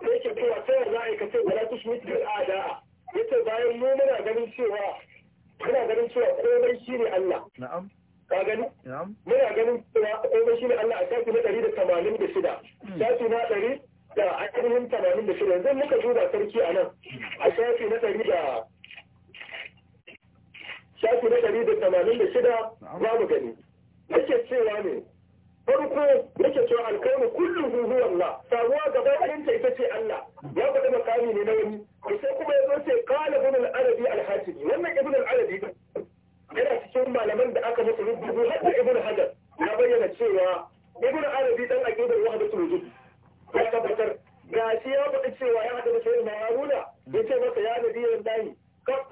sai ke cewa ta yanzu a kace wala tushmit bil a'da yace bayan mu muna ganin cewa muna ganin cewa komai shine Allah na'am ka gani muna ganin cewa komai shine Allah a shafi na 186 hmm. shafi na 100 da ainihin 86 yanzu muka duba sarki a nan a shafi na 100 da shafi na 186 za mu gani yake cewa ne farko yake cewa alkaunu kullum huhu Allah samuwa gaba ɗayanta ita ce Allah ya faɗi makami ne na wani sai kuma ya zo ce kala ibn al-arabi wannan ibn al yana cikin malaman da aka masa rubutu har da ibn hajar ya bayyana cewa ibn arabi dan aqidar wahdatul wujud ya tabbatar gashi ya faɗi cewa ya haɗa masa yin haruna ya ce masa ya nabi yan dahi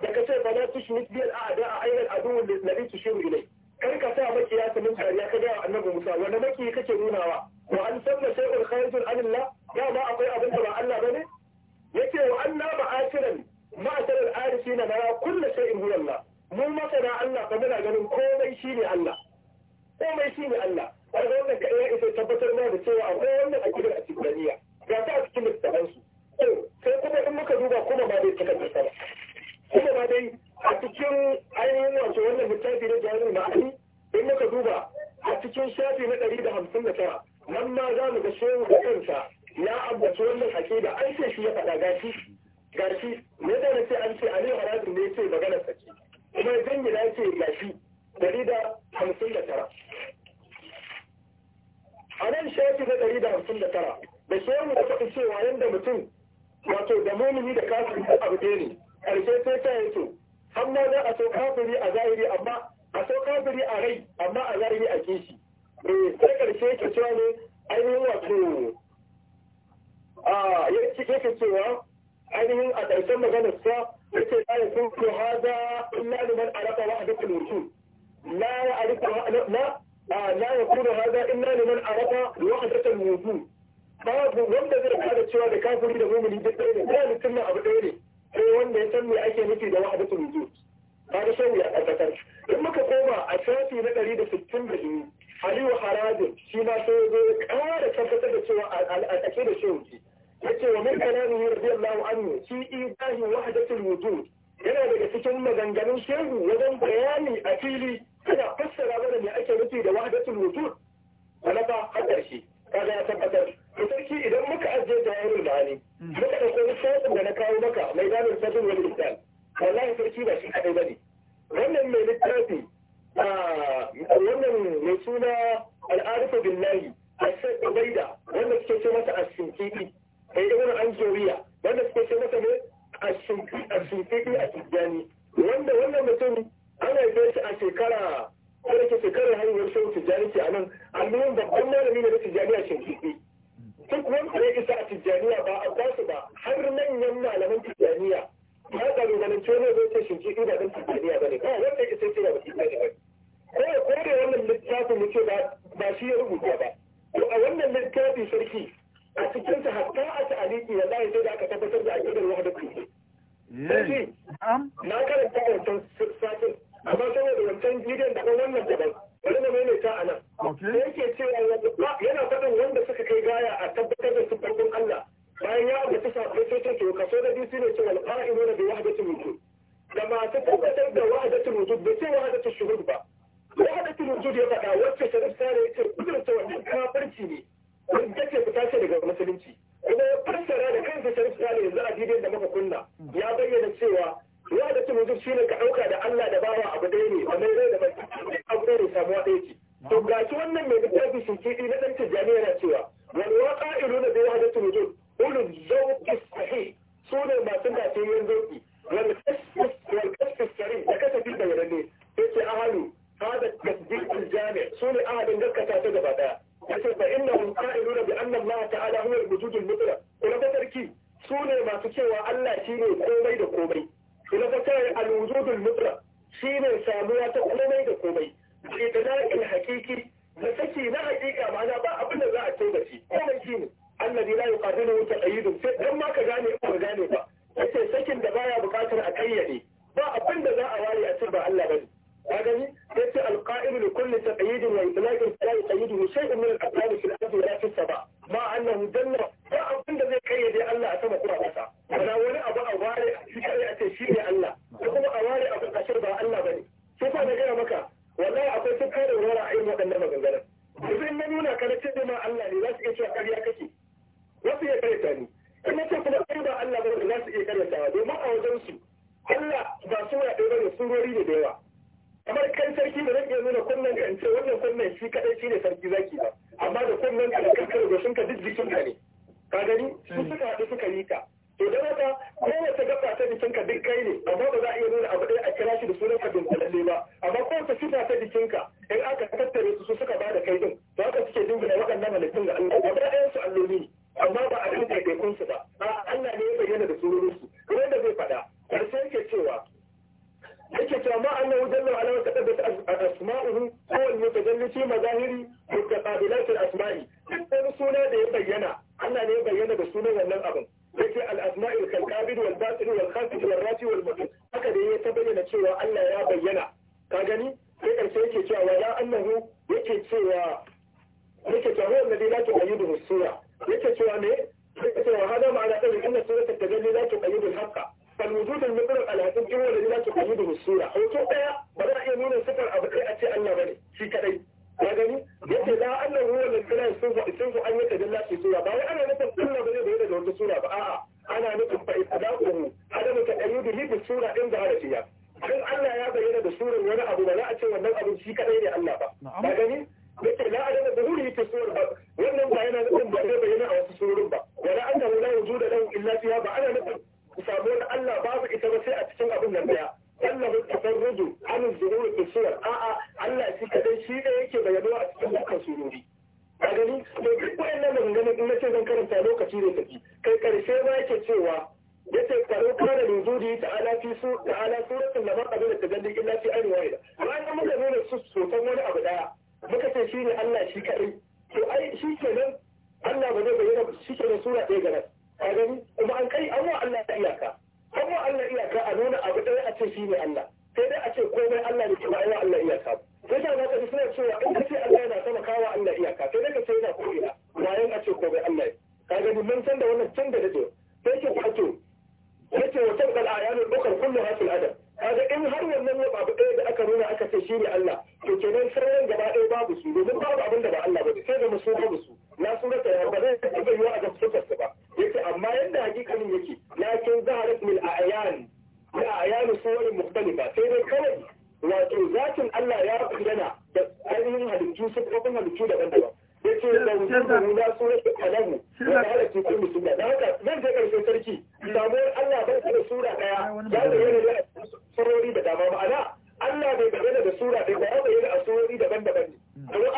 da ka ce fa la tushmit bil a'da a ayyul adu alladhi tushiru ilayhi kar ka sa maki ya samu dariya ka gaya annabi Musa wanda maki kake nunawa wa an sanna shay'un khayrun anillah ya ma akwai abin da ba Allah bane yake wa anna ma'atiran ma'atar al-arifin na ra kullu shay'in huwa Allah mun masana Allah fa muna ganin komai shine Allah komai shine Allah wanda wannan ga ya isa tabbatar ma da cewa akwai wannan akidar a cikin duniya ga ta a cikin littafin sai kuma in muka duba kuma ba dai cikakken sama kuma ba dai a cikin ainihin wato wannan littafi na jami'in ma'ani in muka duba a cikin shafi na ɗari da hamsin da tara nan ma za mu ga shehu da kansa ya ambaci wannan da an ce shi ya faɗa gashi gashi ne da ce an ce aliyu harajin ne ce maganar sa ce kuma ya jingina ya ce gashi ɗari da hamsin da tara a nan shafi na ɗari da hamsin da tara da shehu da faɗi cewa yadda mutum wato da mumuni da kafin abu ɗaya ne ƙarshe sai ta yi to amma za a so kafiri a zahiri amma a so kafiri a rai amma a zahiri a kishi eh sai karshe yake cewa ne ainihin wato a cewa ainihin a ƙarshen maganar sa yace la yakunu hadha illa liman arafa wahdatul wujud la ya'rifu la la yakunu hadha illa liman arafa wahdatul wujud babu wanda zai kada cewa da kafiri da mumini duk ɗaya ne ko mutum abu ɗaya ne ko wanda ya san me ake nufi da wahadatul wujud kaga shan ya tabbatar in muka koma a shafi na ɗari da sittin da biyu aliyu harajin shi ma sai ya zo ya kara tabbatar da cewa a al'adace da shehu yace wa min kalamihi radiyallahu anhu fi idahi wahdatul wujud yana daga cikin maganganun shehu wajen bayani a fili yana fassara mana me ake nufi da wahdatul wujud wala ba hadar shi kaga ya tabbatar da sarki idan muka ajiye da yarin ma'ani muka ɗauko lissafin da na kawo maka mai ganin sabbin wani littafi wallahi sarki ba shi kaɗai ba ne wannan mai littafi wannan mai suna al'arifa billahi a sai ubaida wanda suke ce masa ashinkiɗi mai ibn anjoriya wanda suke ce masa ne ashinkiɗi a tijjani wanda wannan mutum ana yi shi a shekara ko da ke shekarar haihuwar shehu tijjani ke a nan allumin babban malami ne na tijjani a shinkiɗi duk wanda ya isa a tijjaniya ba a kwasu ba har manyan malaman tijjaniya ba ya kalubalance ne zai ce shi ba don tijjaniya ba ne ba wanda ya isa cewa ba tijjani ba ko ya kore wannan littafin mu ce ba shi ya rubuta ba to a wannan littafi sarki a cikin sa hatta a ta'aliki wallahi sai da aka tabbatar da aqidar wahdatul wujud na karanta wancan sakin amma saboda wancan bidiyon da wannan gaban. bari na maimaita a nan da yake cewa yana faɗin wanda suka kai gaya a tabbatar da su farkon Allah bayan ya abu ta sabai sai take kaso da biyu ne cewa alqa'idu na bi wahdatul wujud da masu tabbatar da wahdatul wujud da ce wahdatul shuhud ba wahdatul wujud ya faɗa wacce sharif sare yace kudurta wannan kafirci ne wanda ce ta ce daga musulunci kuma ya fassara da kansa sharif sare yanzu a bidiyon da muka kunna ya bayyana cewa ya da cin wujub shine ka ɗauka da Allah da bawa abu ɗaya ne wannan zai da bai abu ne samuwa ɗaya ce to ga shi wannan mai littafi shinkidi na ɗan tijjani yana cewa wani waka ilu da bai hajjatu wujub ulul zauki sahi su ne masu gafiyayyen zauki wal kasfis sarin da kasafi da yarane sai ce ahalu hada tasdiq al-jami' su ne ahadin gaskata ta gaba daya yace fa innahum qa'iluna bi anna Allah ta'ala huwa al-wujud al-mutlaq kuma ta sarki su ne masu cewa Allah shine komai da komai shine al-wujudul shi ne samuwa ta komai da komai bi dalilin hakiki da saki na hakika ma'ana ba abin da za a ce da shi komai ya alladhi la yuqadiru taqyidun sai dan ma ka gane ba ka gane ba yace sakin da baya bukatar a kayyade ba abin da za a ware a ce ba Allah bane ka gani yace al-qa'im li kulli taqyidin wa itlaqin la yuqayidu shay'un min al-aqwal fi al-ardi wa la fi as-sama ma annahu janna ba abin da zai kayyade Allah a sama ko a ƙasa wani abu a ware a ce shi ne Allah kuma a ware abin a ba Allah bane sai ko na gaya maka wallahi akwai sun kare wara a yin waɗannan maganganun yanzu in na nuna ka na ce ma Allah ne za su iya cewa ƙarya kake wasu iya karyata ni in na ce kuma kai ba Allah ba za su iya karyatawa domin a wajen su Allah ba sura ɗaya ba ne surori ne da yawa kamar kan sarki da zan iya nuna kunnen ka ce wannan kunnen shi kadai shi ne sarki zaki ba amma da kunnen ka da kakkar goshin ka duk jikin ka ne ka gani su suka haɗu suka yi ka to da haka kowace gaba ta jikinka duk kai ne amma ba za a iya nuna abu ɗaya a kira shi da sunan ka dunkulalle ba amma kowace sifa ta jikinka in aka tattare su su suka bada kai din za ka suke dingina waɗannan halittun ga Allah gaba ɗayan su alloli amma ba a kan ɗaiɗaikun su ba a Allah ne ya bayyana da surorin su kamar da zai faɗa karshe yake cewa yake cewa ma annahu jalla wa ala wa taqaddas asma'uhu ko al mutajalli fi mazahiri mutaqabilat al asma'i duk wani suna da ya bayyana Allah ne ya bayyana da sunan wannan abin yake al'asma'il kalkabid wal batin wal khasib wal rafi wal Mutu haka da ya ta bayyana cewa Allah ya bayyana ka gani sai karshe yake cewa wala annahu yake cewa yake cewa huwa alladhi la tu'ayyidu as-sura yake cewa ne yake cewa hada ma'ana qawli anna surata at-tajalli la tu'ayyidu al-haqqa فالوجود المطلق على هذه الجملة التي لا تقيده الصورة أو تقيا بدأ يمون سفر أبقي أتي الله بني shi كذي ya gani yace da annan ruwan da kana sun sun su an yi tajalla fi sura ba wai ana nufin Allah ba zai bayyana da wata sura ba a'a ana nufin fa ibadahu adamu ta ayyudu li bi sura din da hada shiya dan Allah ya bayyana da surar wani abu ba za a ce wannan abu shi kadai ne Allah ba ya gani yace la adama zuhuri fi sura wannan ba yana nufin ba zai bayyana a wasu surorin ba wala annahu la wujuda lahu illa fiha ba ana nufin samuwar Allah babu ita ba sai a cikin abin nan daya sallahu tafarrudu an zuhuri da suwar a'a Allah shi kadai shi ne yake bayyano a cikin dukkan surori a gani to duk wayannan maganganu in na ce zan karanta lokaci ne tafi kai karshe ma yake cewa yace karo kana da nuzuri ta'ala fi su ta'ala suratul lamar abin da tajalli illa fi ayi wahida amma in muka nuna su sotan wani abu daya muka ce shi ne Allah shi kadai to ai shi kenan Allah ba zai bayyana shi kenan sura ɗaya ga nan a gani kuma an kai an wa Allah iyaka kuma Allah iyaka a nuna abu ɗaya a ce shi ne Allah sai dai a ce komai Allah ne kuma aiwa Allah iyaka sai da za suna cewa in ka ce Allah yana sama kawa Allah iyaka sai daga ka ce yana ko'ina bayan a ce komai Allah ne ka gani mun san da wannan can da daɗe sai ke kwato sai ce wata ɗaukar kullum hasil adam kaga in har wannan wani abu ɗaya da aka nuna aka ce shi ne Allah to kenan sauran gaba ɗaya babu su domin babu abin da ba Allah ba sai da musu babu su na sun rasa yawa ba zai taɓa yiwa a gamsukarsa ba yake amma yadda hakikanin yake lakin zaharat mil ayan na ayanu suwar ba sai dai kawai wato zatin Allah ya bayyana da ainihin halittu su kofin halittu daban-daban yace da wujudun da su yake kalahu wa ta'ala ki musulma. sunna da haka zan je karshen sarki samuwar Allah bai da sura daya ya da yana da surori da dama ma'ana Allah bai bayyana da sura ɗaya ba ya bayyana a surori daban-daban ne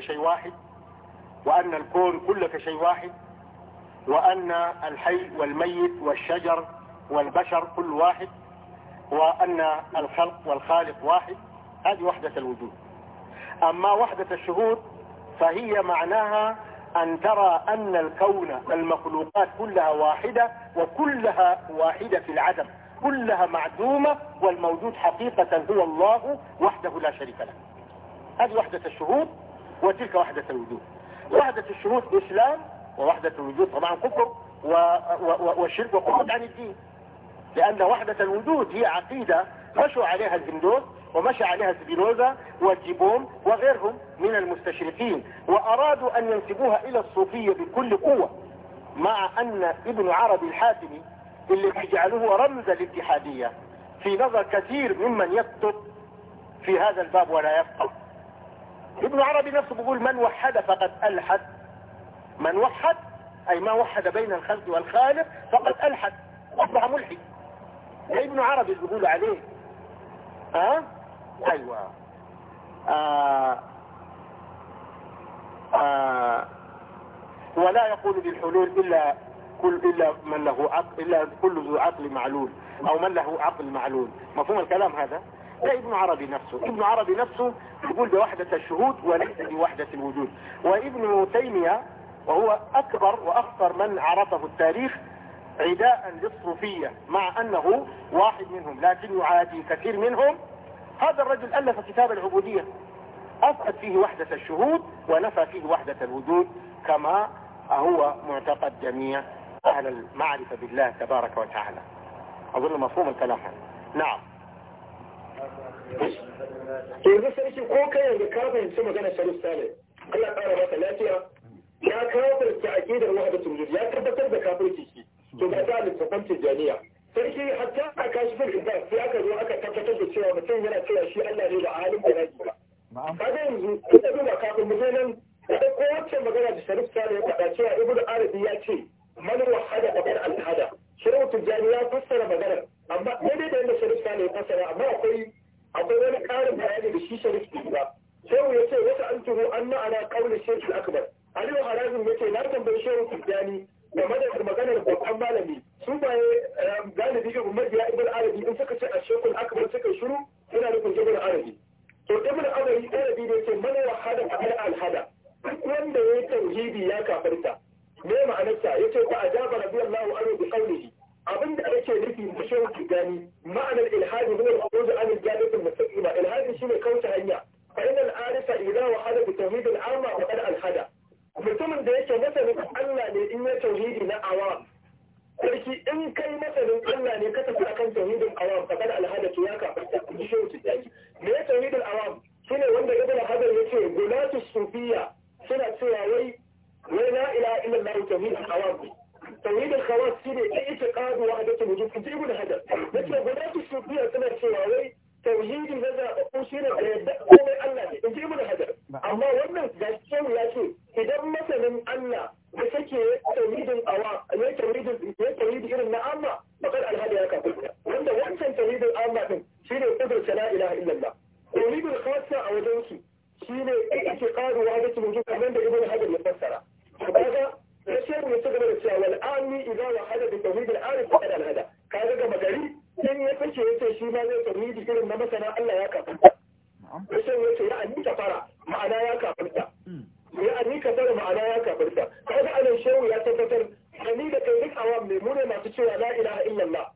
كشيء واحد وأن الكون كله كشيء واحد وأن الحي والميت والشجر والبشر كل واحد وأن الخلق والخالق واحد هذه وحدة الوجود أما وحدة الشهود فهي معناها أن ترى أن الكون المخلوقات كلها واحدة وكلها واحدة في العدم كلها معدومة والموجود حقيقة هو الله وحده لا شريك له هذه وحدة الشهود وتلك وحدة الوجود وحدة الشروط إسلام ووحدة الوجود طبعا كفر والشرك وقفت عن الدين لأن وحدة الوجود هي عقيدة مشوا عليها الهندوس ومشى عليها سبينوزا والجيبون وغيرهم من المستشرقين وأرادوا أن ينسبوها إلى الصوفية بكل قوة مع أن ابن عربي الحاتمي اللي بيجعله رمز الاتحادية في نظر كثير ممن يكتب في هذا الباب ولا يفقه ابن عربي نفسه بيقول من وحد فقد ألحد من وحد أي ما وحد بين الخلق والخالق فقد ألحد أصبح ملحد ابن عربي اللي بيقول عليه ها أه؟ أيوة آه آه ولا يقول بالحلول إلا كل إلا من له عقل إلا كل ذو عقل معلول أو من له عقل معلول مفهوم الكلام هذا ده ابن عربي نفسه ابن عربي نفسه يقول بوحدة الشهود وليس بوحدة الوجود وابن تيمية وهو أكبر وأخطر من عرفه التاريخ عداء للصوفية مع أنه واحد منهم لكن يعادي كثير منهم هذا الرجل ألف كتاب العبودية أفقد فيه وحدة الشهود ونفى فيه وحدة الوجود كما هو معتقد جميع أهل المعرفة بالله تبارك وتعالى أظن مفهوم الكلام نعم yanzu sarki ko kai yanzu ka fahimci magana sharif sale Allah ƙara masa lafiya ya a ƙidar wa'ada wujud ya tabbatar da kafirci shi to ba ta littafin tijaniya sarki hatta a kashi fil ibad sai aka zo aka tabbatar da cewa mutum yana cewa shi Allah ne ba alim da raji ba ba kaga yanzu kun da duba kafin mu nan da ko wacce magana da sharif sale ya faɗa cewa ibnu arabi ya ce man wahada qabl al-hada shirin tijani ya fassara magana amma daidai da yadda sharif sale ya fassara amma akwai akwai wani ƙarin bayani da shi sharif ke ba shehu ya ce wata an turo an ma'ana ƙaunar shehu akbar aliyu harazin ya ce na tambayi shehu tijjani game da maganar babban malami su baye eh, galibi ibn mabiya ibn arabi in suka ce a shekul akbar suka shiru yana nufin ibn arabi to ibn arabi arabi ne ce mana wahada al alhada duk wanda ya yi tauhidi ya kafarta me ma'anarsa yace fa ajaba radiyallahu an bi qawlihi abin da ake nufi da shehu gani ma'anar ilhadi huwa al-khuruj an al-jadati al-mustaqima ilhadi shine kauce hanya fa inna al-arifa idha wa hada bi tawhid al-amma wa qad al-hada mutumin da yake masanin Allah ne in ya tauhidi na awam sarki in kai masanin Allah ne ka tafi akan tauhidin awam fa qad al-hada to ya ka ji shehu gani me ya tauhidin awam shine wanda ibn hajar yace gulatu sufiya suna cewa wai wai la ilaha illallah tauhidin awam tauhid al-khawas shine ta itiqadu wa hadatu wujud in ji ibn hajar yace guda su sufiya suna cewa wai tauhidi na zaɓaɓɓu shi ne da yadda komai Allah ne in ji ibn hajar amma wannan gaskiya ya ce idan masanin Allah da take tauhidin awa ya tauhidin irin na amma bakar alhada ya kafin wanda wancan tauhidin amma din shi ne kudurta la ilaha illallah tauhidin khassa a wajen ki shi ne ake ƙaruwa da su mutum da ibn hajar ya fassara kaga sai mu ci gaba da cewa wal ami idan wa hada bi tawhid al arif wa al hada kaga ga magari in ya fice yace shi ma zai tawhidi irin na masana Allah ya kafa sai yace ya ani kafara ma'ana ya kafarta hmm. ya ani kafara ma'ana ya kaga anan shehu ya tabbatar ani da kai duk awam ne mu ne masu cewa la ilaha illallah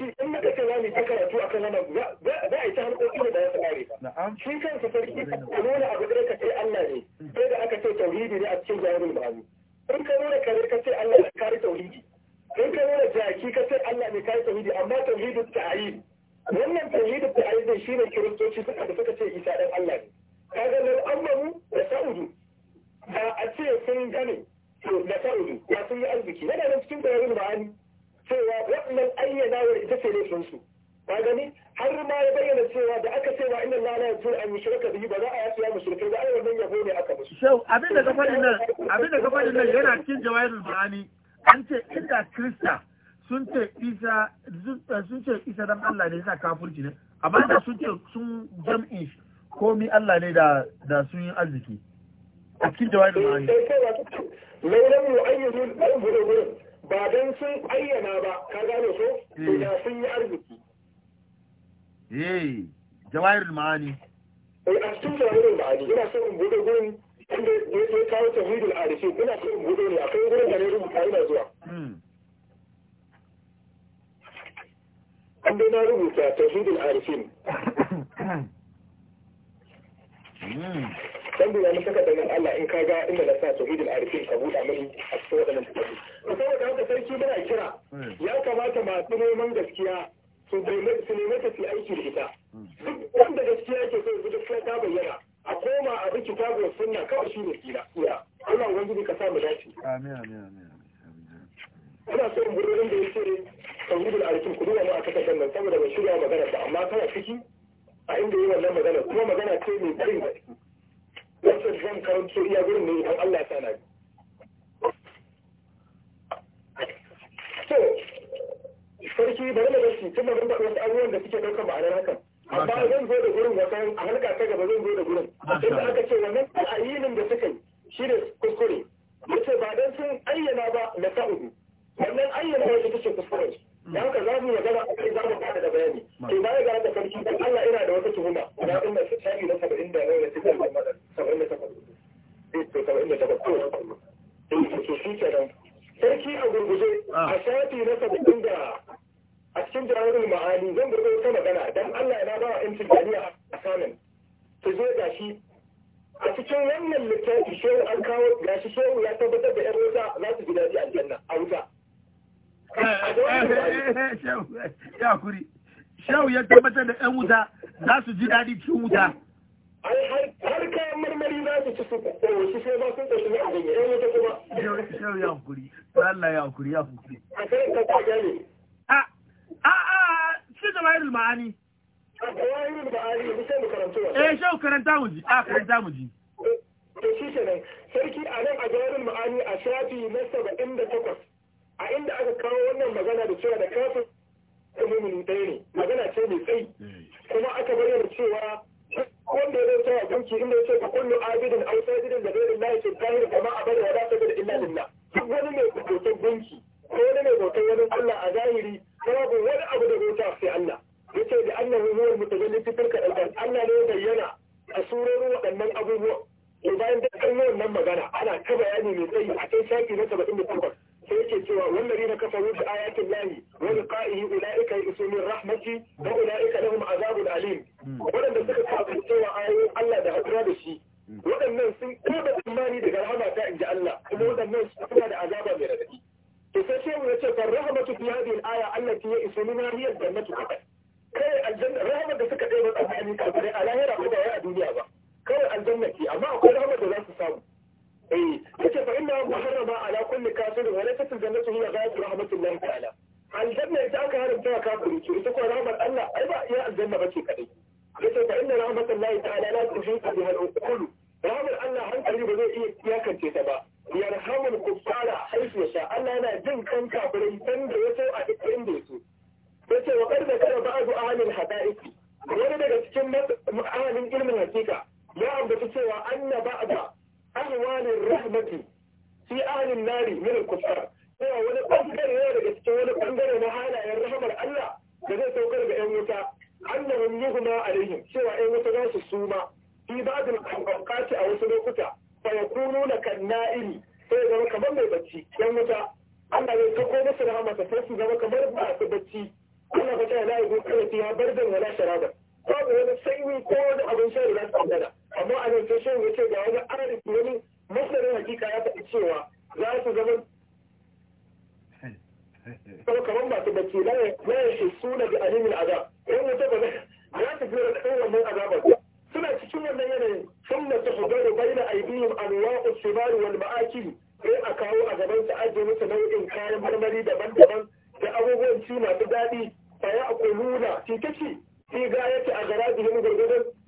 shi in muka ce zamu ta karatu akan wannan za a yi ta harkokin da ya tsare shi kansa sarki a nuna abu da ka ce Allah ne sai da aka ce tauhidi ne a cikin jawabin ne in ka nuna kare ka ce Allah ne kare tauhidi in ka nuna jaki ka ce Allah ne kare tauhidi amma tauhidin ta'ayi wannan tauhidin ta'ayi ne shine kiristoci suka da suka ce Isa dan Allah ne kaga nan amanu da sa'udu a ce sun gane da sa'udu ya sun yi arziki yana nan cikin jawabin ma'ani cewa wannan ayyanawar ita ce laifinsu ba gani har ma ya bayyana cewa da aka cewa inna la la yasur an yushraka bihi ba za a ya mushrikai ba ai nan yabo ne aka musu shau abin da ka faɗi nan abin da ka faɗi nan yana cikin jawahirul ma'ani an ce inda krista sun ce isa sun eh, ce isa dan Allah ne yasa kafirci ne amma da sun ce sun jam'i komi Allah ne da da sun yi arziki a cikin jawahirul ma'ani eh, sai sai wa mai ran mu'ayyidul ba don sun ayyana ba ka gane so hmm. da sun yi arziki eh jawahirul ma'ani eh a cikin jawahirul ma'ani ina so in bude gurin inda ya kawo tawhidul arifi ina so in bude ne akwai gurin da ne rubuta ina zuwa hmm. inda na rubuta tawhidul arifin hmm. dan da na saka da Allah in kaga inda na sa tawhidul arifin ka buɗa mini a cikin waɗannan takardu saboda haka sarki bana kira hmm. ya kamata masu neman gaskiya su nemi ta su aiki da ita hmm. duk wanda gaskiya ke so duk sai ta bayyana a koma a bi kitabu sunna kawai shi ne kira Allah ubangiji ka sa mu dace amin amin amin ina so in gurin da yake tawhidul a ku kudu a kasar nan saboda ban shirya magana ba amma kawai ciki a inda yi wannan magana kuma magana ce mai tsayin gaske wacce zan karanto iya gurin ne idan Allah ya sa na ji. to sarki bari na gashi tun da zan wasu abubuwan da suke ɗaukar ma'anar hakan amma zan zo da gurin wata a halka ta gaba zan zo da gurin sai da aka ce wannan al'ayinin da suka yi shi ne kuskure yace ba dan sun ayyana ba na sa'udu wannan ayyana wata ta ce kuskure hmm. da haka za mu magana a kai za mu fada da bayani to hmm. baya ga haka sarki dan Allah ina da wata tuhuma na inda shafi na 70 da nawa ne da 78 eh, to 78 to shi kenan sai a gurguje ah. a shafi na sabbin da a cikin jawabin ma'ani zan gurgurta ta magana don Allah ya ba wa yancin jami'a a samun su zo ga shi a cikin wannan littafi shehu an kawo ga shi shehu ya tabbatar da 'yan wuta za su ji a aljanna a wuta. Eh, eh, eh, shehu ya tabbatar da 'yan wuta za su ji daɗi cikin wuta. ai har kayan marmari za su ci su koshi sai ba sun koshi za a ganye yan wata kuma shau ya hukuri Allah ya hukuri ya hukuri a kai ka kwa gane a a a shi da wayar ma'ani a wayar ma'ani mu sai mu karanta wa eh shau karanta mu ji a karanta mu ji eh, to shi kenan sarki a nan a jawabin ma'ani a shafi na saba'in da takwas a inda aka kawo wannan magana da cewa da kafin Kuma mumini ɗaya ne magana ce mai tsayi eh. kuma aka bayyana cewa wanda zai tsaya gunki inda ya ce ka kullu abidin aw sajidin da gairin lahi kin tahir kama a bari wala da illa lillah duk wani mai bautar gunki ko wani mai bautar wani Allah a zahiri babu wani abu da bauta sai Allah yace da annahu huwa mutajalli fi tilka al Allah ne bayyana a surorin waɗannan abubuwa idan da an yi wannan magana ana ta bayani mai tsayi a kai shafi na 78 yake cewa wallahi na kafaru bi ayatin lahi wa liqa'ihi ulaika yaqisu min rahmati wa ulaika lahum azabun alim waɗanda suka kafir cewa ayoyin Allah da hadura da shi waɗannan sun koda tsammani daga rahama ta inji Allah kuma waɗannan suna da azaba mai radadi to sai shehu ya ce fa rahmatu fi hadhihi al-aya allati yaqisu min hiya jannatu kai aljanna rahmat da suka dai ba tsammani kafirai a lahira ko ba a duniya ba kawai aljanna ki, amma akwai rahmat da za su samu eh yace fa inna muharrama ala kulli kafir wa la tatil jannatu hiya ghayat rahmatillahi ta'ala aljanna ita aka haramta ka kafiri ce ita ko rahmat Allah ai ba iya aljanna bace kadai yace fa inna rahmatillahi ta'ala la tuhitu biha al-uqul rahmat Allah hankali ba zai iya iyakance ta ba yarhamul kuffara haifu yasha Allah yana jin kan kafirin tan da yaso a duk inda yaso yace wa qad zakara ba'du ahli al-hada'iki wani daga cikin ahalin ilmin hakika ya ambaci cewa anna ba'da ahwanin rahmati fi ahlin nari min al-kufar cewa wani bangare ne daga cikin wani bangare na halayen rahmar Allah da zai saukar ga yan wuta annahum a alaihim cewa yan wuta za su suma fi ba'dil awqati a wasu lokuta fa yakununa kan na'imi sai zama kamar mai bacci yan wuta Allah zai sako musu rahmata sai su zama kamar ba su bacci Allah ba ta la yuhma fiha bardan wala sharaba babu wani sanyi ko wani abin sha da za su amma a nan sai shan yace da wani arif wani masarin hakika ya faɗi cewa za su zama kuma kamar masu bacci na ya shi suna da alimin azab yan wata ba za su fi da ɗan wannan ba. suna cikin wannan yanayin sun da su hudaru bai na aibihim anwa'u shibari wal ma'akili sai a kawo a gaban su ajiye musu nau'in kayan marmari daban-daban da abubuwan ci masu daɗi fa ya akuluna ci ta ci fi gayata a garajin gwargwadon.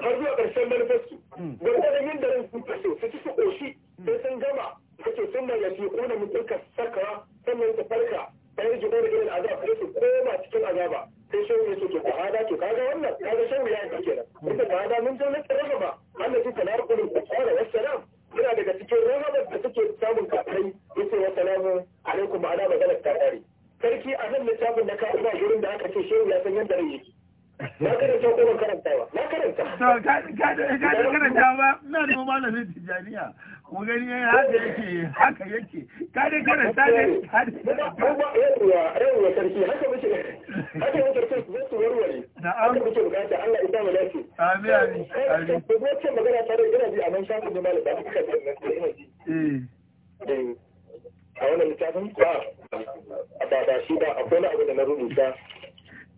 har zuwa ƙarshen manufarsu hmm. wani yin da ran sun kashe su ci su ƙoshi hmm. sai sun gama kace sun da yashi kuna mutunka saka sannan ta farka Bayan yi jiko da irin azab sai su koma cikin azaba sai shehu ya ce to hada to kaga wannan kaga shehu ya yi kenan hmm. ita hada mun san nan rahama Allah shi ko rukunin wasu wassalam yana daga cikin rahamar da suke samun kafirai yace salamu, alaikum ma'ana ta kafiri sarki a nan da ka kafirai gurin da aka ce shehu ya san yadda rai yake na karanta ko karanta ba na karanta ka karanta ba ina da kuma malamin tijaniya kuma gani yayi haka yake haka yake ka dai karanta ne ka dai yawa yawa sarki haka muke haka muke so su zo warware na'am muke bukata Allah ya samu lafiya amin amin amin eh, eh, eh, ko ce magana tare ina ji a nan shafi da malamin da kuka ina ji eh a wannan littafin ba a ba shi ba akwai na abu da na rubuta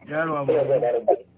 Yarwa ba.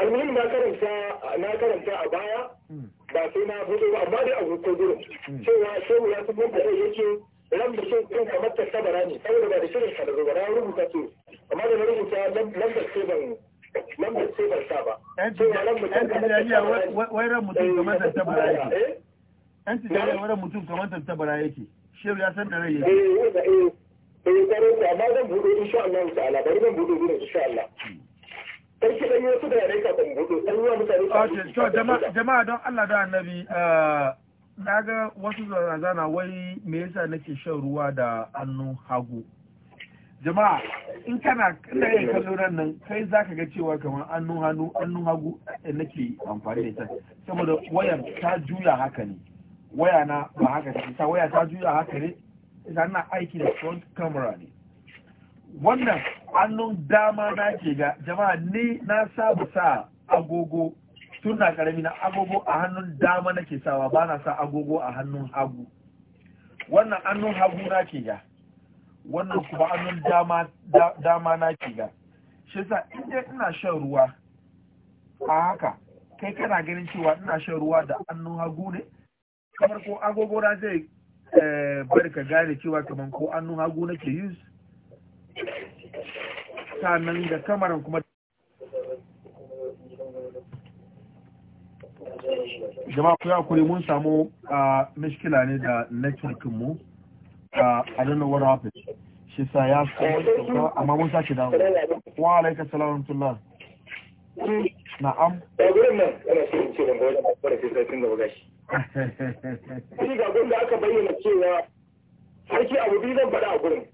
almuhim na karanta na karanta a baya hmm. ba sai na buɗe ba amma dai a ko gurin hmm. cewa shehu ya fi mun da yake lam da shehu kan kamar ta sabara ne saboda ba da shirin ka da rubara rubuta su amma da na rubuta lambar sai ban lam sai ban sa ba cewa lam da kan kamar wai ran mutum kamar ta sabara eh, yake eh. yan tijariya wani mutum kamar ta sabara yake shehu ya san da rai yake eh eh eh eh amma zan buɗe insha Allah ta'ala bari zan buɗe gurin insha Allah hmm. wasu jama'a don Allah da annabi eh, na ga wasu zana wai me yasa nake shan ruwa da hannun hagu jama'a in kana kana yin kallon nan nan kai zaka ga cewa kamar hannun hannu hannun hagu eh, nake amfani da ita saboda wayar ta juya haka ne waya na ba haka ta waya ta juya haka ne ita na aiki da front camera ne wannan hannun dama na ke ga jama'a ni na saba sa agogo tun na karami na agogo a hannun dama na ke sawa ba na sa agogo a hannun hagu wannan hannun hagu na ke ga wannan kuma hannun dama na ke ga shi sa inda ina shan ruwa a haka kai kana ganin cewa ina shan ruwa da hannun hagu ne kamar ko agogo na zai eh, bar ka gane cewa kamar ko hannun hagu nake use sannan da kamaran kuma jama'a ku ya kuri mun samu a mishkila ne da netwarkinmu a adana war office shi sa ya kuma amma mun sake damu wa alaika salamun tullah na'am da gurin nan ana shi in ce ban wajen akwai sai sai tun gaba gashi shi ga gunda aka bayyana cewa sarki abu biyu zan faɗa a gurin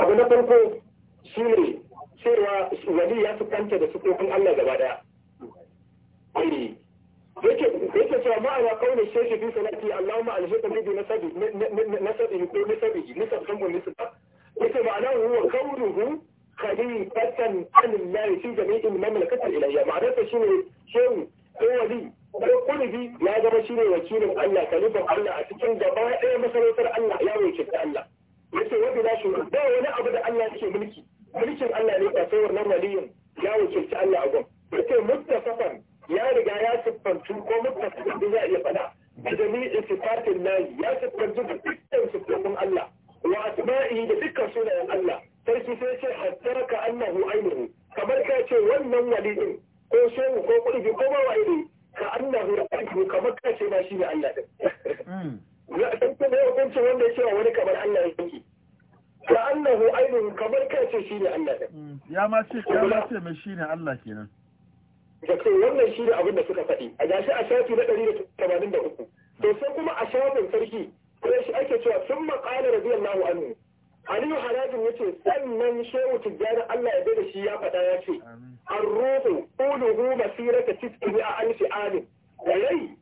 abu na farko shi ne cewa Wani ya fi kanta da sufofin Allah gaba daya yake cewa ma'ana kaunin sheshi fi salati Allah ma alhiqa bi nasabi nasabi ko nasabi nasab kan gun nasab yake ma'ana huwa kaunuhu khalifatan Allah fi jami'in mamlakatil ilayya ma'ana ta shi ne shehu ko wali ko kulli ya zama shi ne wakilin Allah kalifan Allah a cikin gaba ɗaya masarautar Allah ya wuce Allah yace yadda la shi ba wani abu da Allah yake mulki mulkin Allah ne ba sai wannan waliyin ya wakilci Allah a gon yace muttafaqan ya riga ya siffantu ko muttafaqan da za a iya fada da jami'in sifatin nahi ya siffantu da dukkan siffofin Allah wa asma'i da dukkan sunayen Allah sarki sai ce hatta ka annahu ainihi kamar ka ce wannan waliyin ko shehu ko kurji ko ba ka annahu ainihi kamar ka ce ba shi ne Allah din hmm. ya ɗauke da hukuncin wanda ya cewa wani kamar Allah ya yanki ka annahu ainihin kamar kai ce shi ne Allah ɗin mm, ya ma ce ya ma ce mai shi ne Allah kenan da ce wannan shi ne abin da suka faɗi a gashi a shafi na ɗari da tamanin da uku to sai kuma a shafin sarki ko shi ake cewa sun maƙala nahu anhu Aliyu Harajin ya ce sannan Shehu Tijjani Allah ya da shi ya faɗa ya ce an ruhu ƙuluhu masirata tis'ini a alfi amin da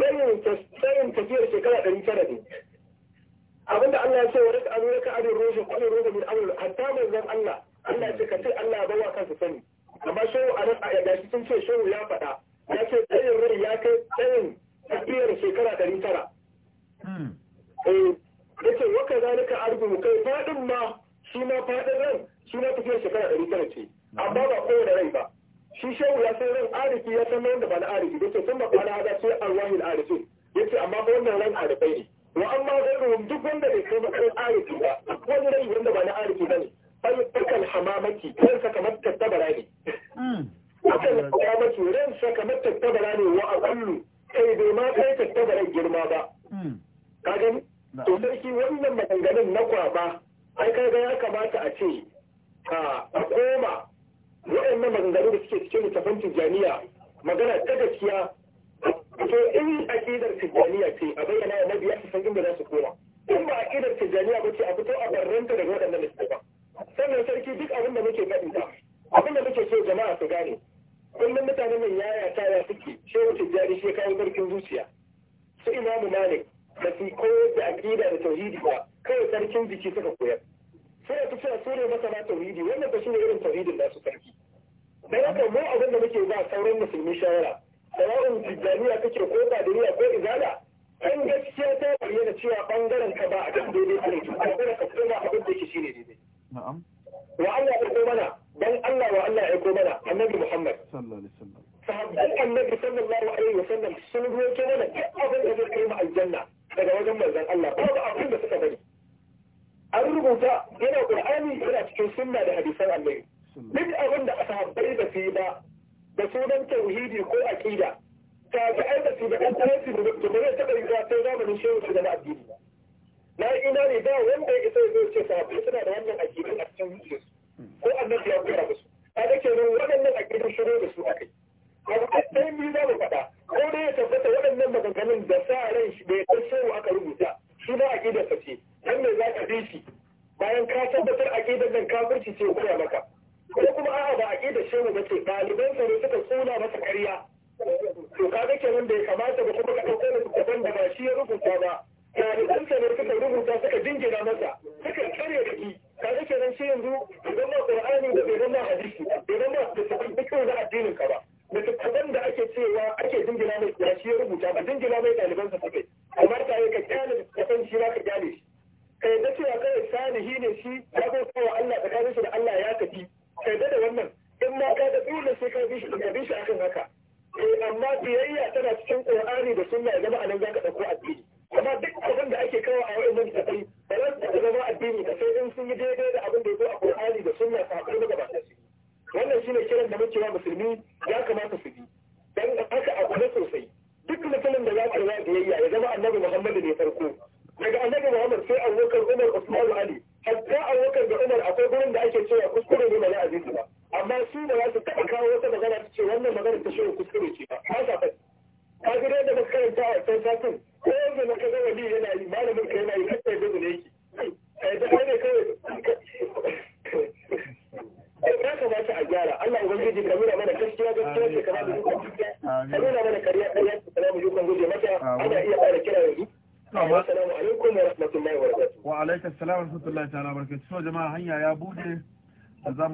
tsayin tafiyar shekara ɗari tara ne abinda Allah ya ce wa rika anu rika anu roshi kwanin roba min amur hatta zan Allah Allah ya ce ka ce Allah ya bawa kansa sani amma shehu a nan a gashi sun ce shehu ya faɗa ya ce tsayin rai ya kai tsayin tafiyar shekara ɗari tara. Hmm. Eh, ya ce wa ka arzu kai faɗin ma shi faɗin ran shi tafiyar shekara ɗari tara ce amma ba kowane rai ba. shi shehu ya san ran arifi ya san wanda ba na arifi da ke sun ba kwana hada sai arwahil arifin ya ce amma wannan ran arifai ne wa amma gairuhum duk wanda bai kai matsayin arifi ba wani rai wanda ba na arifi ba ne bai takal hamamaki kansa kamar tattabara ne hmm. akan hamamaki ransa kamar tattabara ne wa aqallu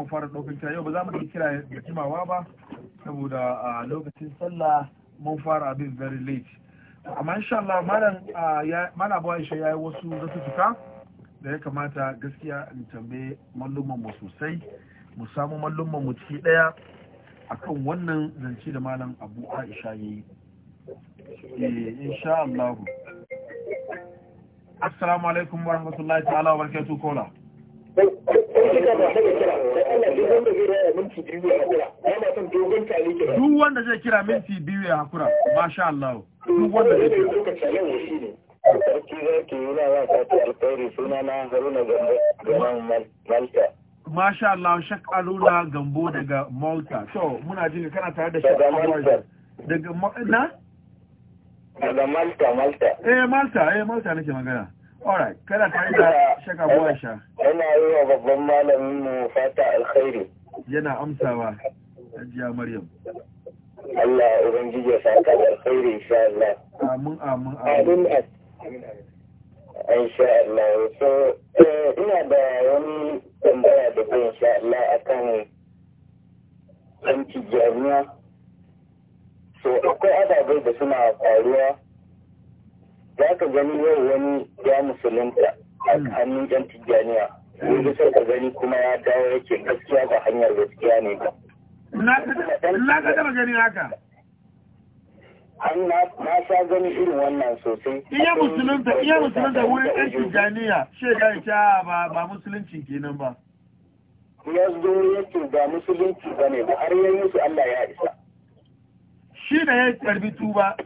mu fara ɗaukar kira yau ba za mu yi kira da kimawa ba saboda a lokacin sallah mun fara abin very late amma insha Allah malam mana abu Aisha yayi wasu zatutuka da ya kamata gaskiya in tambaye mallumman mu sosai mu samu mallumman mu ciki daya akan wannan zance da malam Abu Aisha yayi eh insha Allah assalamu alaikum warahmatullahi ta'ala wa barakatuh kola duk wanda zai kira minti biyu ya hakura masha Allah duk wanda zai kira Sarki zaki yana wa sati alkhairi suna na Haruna Gambo gaban Malta. Masha Allah shak Aluna Gambo daga Malta. so muna jini kana tare da Shek daga na? Daga Malta Malta. Eh Malta eh Malta nake magana. Yana babban malamin mu fata amsawa, Hajiya Maryam. Allah Ubangiji ya saka da alkhairi insha Allah. Amin amin amin. Insha Allah. So, eh, ina da wani tambaya da zai insha Allah akwai ababai da suna faruwa za ka gani yau wani ya musulunta a hmm. hannun yan tijjaniya wanda sai ka gani kuma ya dawo yake gaskiya ba hanyar gaskiya ne ba. Na ka taɓa gani haka. na sha gani irin wannan sosai. Iya musulunta, iya musulunta wurin ɗan tijjaniya, shi ya sha ah, ba musulunci kenan ba. Ya zo yake ba musulunci ba ne ba har yayin su Allah ya isa. Shi da ya karbi tuba,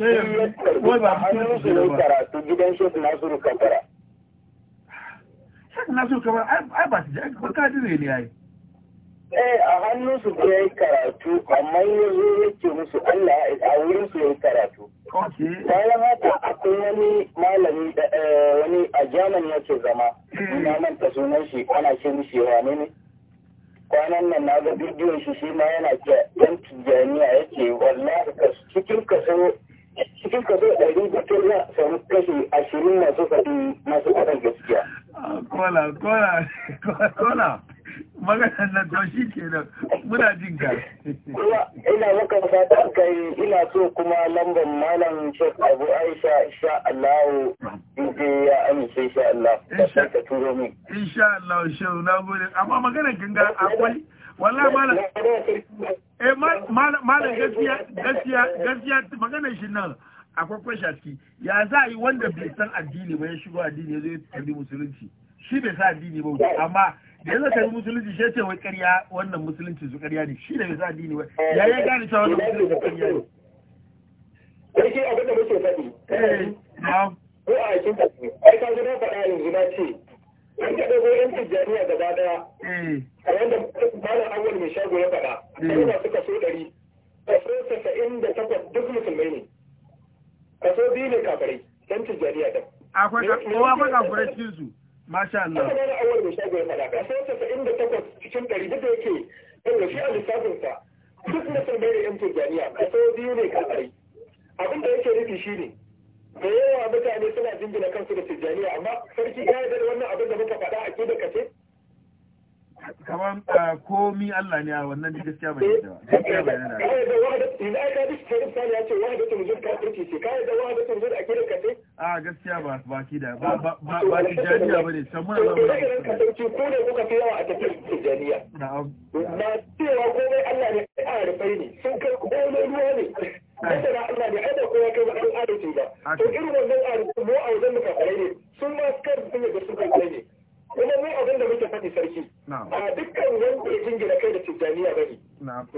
Shehu karatu gidan Shehu Nasiru Kamara. Shehu Nasiru Kamara ai ba su ji ba kadire ne ai. Eh a hannunsu da ya karatu amma ya zo yake musu Allah a wurin su ya karatu. Bayan haka akwai wani malami wani a ya yake zama. na manta sunan shi ana shi mishi wane ne? kwanan nan na ga bidiyon shi shi ma yana ce yan tijjaniya yake wallahi cikin kaso cikin kaso ɗari da kai samu kashi ashirin masu faɗi masu faɗin gaskiya. Kola, kola, kola, maganar nan to ke nan muna jin ka. Ina maka fatan kai ina so kuma lambar malam Sheikh Abu Aisha insha Allah in ya amince insha Allah ka turo min. Insha Allah shehu na gode amma maganar kin ga akwai wallahi malam eh malam gaskiya gaskiya gaskiya maganar shi nan akwai kwashaski ya za a yi wanda bai san addini ba ya shigo addini ya zo ya tabi musulunci shi bai sa addini ba amma da yanzu tabi musulunci shi ce wai karya wannan musulunci su karya ne shi da bai sa addini ba ya ya gane cewa wannan musulunci karya ne Sarki abin da muke faɗi. Eh, na. Ko a cikin ai ka zo na faɗa yanzu na ce an ka ɗago yan tijjaniya gaba ɗaya hmm. a wanda malam awal mai shago ya faɗa hmm. kuma suka kaso ɗari kaso tasa'in da takwas duk musulmai ne kaso biyu ne kafirai yan tijjaniya ɗin akwai kafirai cikin masha Allah haka malam awal mai shago ya faɗa kaso tasa'in da takwas cikin ɗari duk da yake yau shi a lissafinsa duk musulmai ne yan tijjaniya kaso biyu ne kafirai abin da yake nufi shi ne da yawa mutane suna jingina kansu da tijjaniya amma sarki ya yarda da wannan abin da muka faɗa a da kace kamar komi Allah ne a wannan da gaskiya bai yarda gaskiya bai yarda ba da wahada in ai ka dishi tarif sani ya ce wahada tun zuwa ka turki ce ka yarda wahada tun zuwa akida kace a gaskiya ba ba kida ba ba ba tijjaniya bane san muna ba ba ka turki ko ne kuka fi yawa a tafiyar tijjaniya na'am ba cewa komai Allah ne a rufai ne sun kai komai ruwa ne Wanda na Allah ne haɗa kowa kai ba ɗan adalci ba. To irin wannan adalci mu a wajen mu ne sun ma kar sun yadda sun kafarai ne. Kuma mu abin da muke faɗi sarki. A dukkan wanda ya jingina kai da tijjaniya ba ne.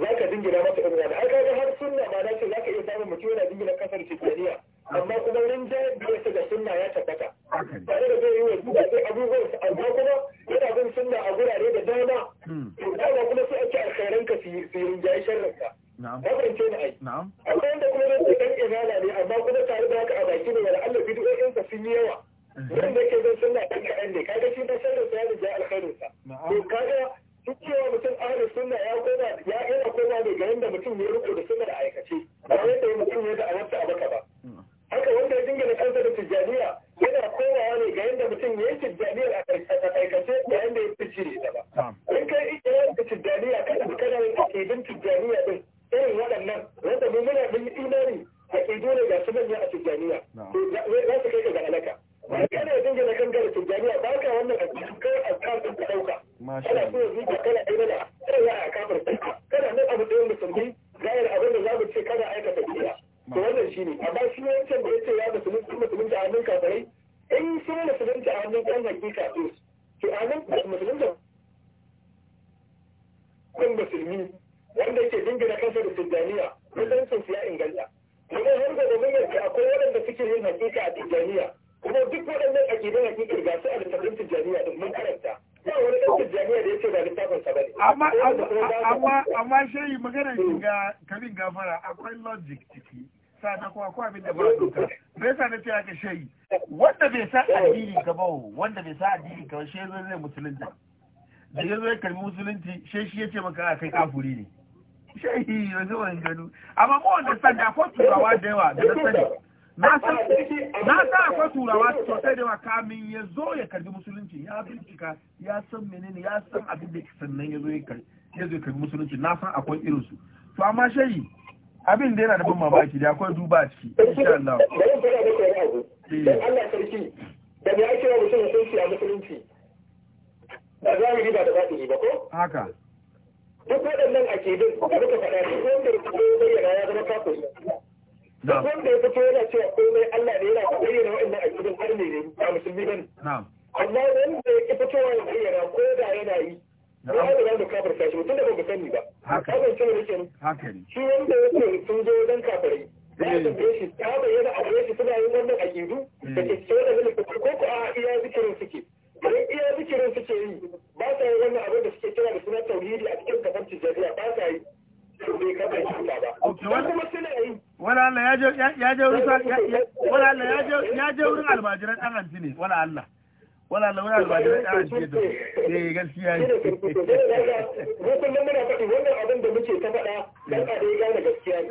Za ka jingina masa ɗan wani. aka ga har sunna ma dace za ka iya samun mutum yana jingina kasar tijjaniya. Amma kuma rinjayen da ya da sunna ya tabbata. Tare da zai yi wa duka sai abubuwan su amma kuma yana bin sunna a gurare da dama. Hmm. To dama kuma sai a ce alkhairanka su yi rinjaye sharranka. na'am ce da ai na'am akwai kuma zai ce dan ne amma kuma tare da haka a baki ne wala Allah bidiyoyin sa sun yi yawa eh. da ke zan sunna dan kaɗan ne kaga shi da sharri sa ya ja alkhairin sa to kaga duk cewa mutum ahlus sunna ya koma ya yana koma ne ga yanda mutum ya riko da sunna da aikace ba yadda mutum ya da a baka ba hmm. haka wanda ya da kansa da tijjaniya yana komawa ne ga yadda mutum ya yi tijjaniyar a aikace da ya fi jiri ta ba. In kai iya yin tijjaniya kada kana yin akidin tijjaniya din irin waɗannan wanda mu muna mun imani a ƙido ne ga su manya a tijjaniya za su kai ka ga alaka ba ka ne dinga na kangar tijjaniya ba ka wannan a cikin kai a kafin ka ɗauka kana so yanzu ka kana aibala sai ya a kafin ɗauka kana nan abu ɗaya sanbi gayar abin da za mu ce kana aikata biya to wannan shi ne amma shi wancan da ya ce ya musulunci musulunci a hannun kafirai in sun musulunci a hannun ɗan hakika to to a nan hannun musulunci ɗan musulmi wanda yake dingina kansa da tijjaniya mutuncin sun siya inganta kuma har da domin yanzu akwai waɗanda suke yin hakika a tijjaniya kuma duk waɗannan aƙidun hakika ga su a littafin tijjaniya din mun karanta ba wani ɗan tijjaniya da yake ba littafin sa bane amma amma amma shehi magana shi ga kabin gafara akwai logic ciki sana ko akwai abin da ba doka me sa na ce aka shehi wanda bai sa addini ka ba wanda bai sa addini ka ba shehi zai musulunta da ya ya musulunci shi ya ce maka kai kafuri ne shehi yanzu wani gano amma mu wanda sanda akwai turawa da yawa da na sani na san akwai turawa sosai da yawa kamin ya zo ya karbi musulunci ya bincika ya san menene ya san abin da ke sannan ya zo ya karbi musulunci na san akwai irinsu to amma shehi abin da yana da ban mamaki da akwai duba a ciki insha Allah da Allah sarki da me ake mutum sun siya musulunci da zahiri ba da ba ko haka duk waɗannan bin da muka faɗa duk wanda ya fito ya bayyana ya zama kafin duk wanda ya fito yana cewa komai Allah ne yana bayyana waɗannan akidun har ne ba musulmi bane amma wanda ya ki fitowa ya bayyana ko da yana yi ko har da kafin kafir kashi mutum da ba sani ba haka ne ce yake shi wanda yake sun zo wajen kafirai ya tambaye shi ta bayyana a gare shi suna yin wannan akidu mm. da ke cewa da ko ko a iya zikirin suke bari iya zikirin suke yi ba sa yi wani abin da suke kira da suna tauhidi a cikin kafar tijjaniya ba sa yi wala Allah ya je ya je wurin wala Allah ya je ya je wurin almajiran dan anti ne wala Allah wala Allah wala almajiran dan anti ne eh gaskiya ne ko kullum muna faɗi wannan abin da muke ta faɗa dan ka dai gane gaskiya ne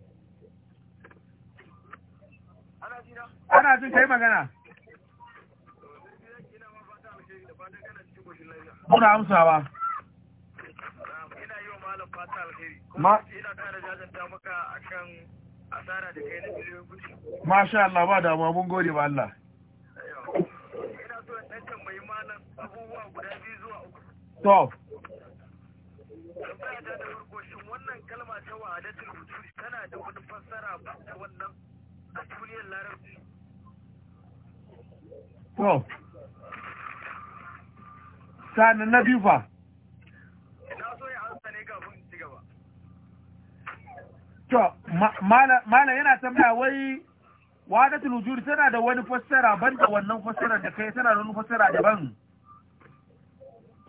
ana jin kai magana muna amsa ma Masha Allah ba damuwa mun gode ba Allah. To. wannan kalma ta wahadatul wujud tana da wani fassara a duniyar larabci to sanin na biyu fa to mala yana tambaya wai wadatul wujud tana da wani fassara ban da wannan fassara da kai tana da wani fassara daban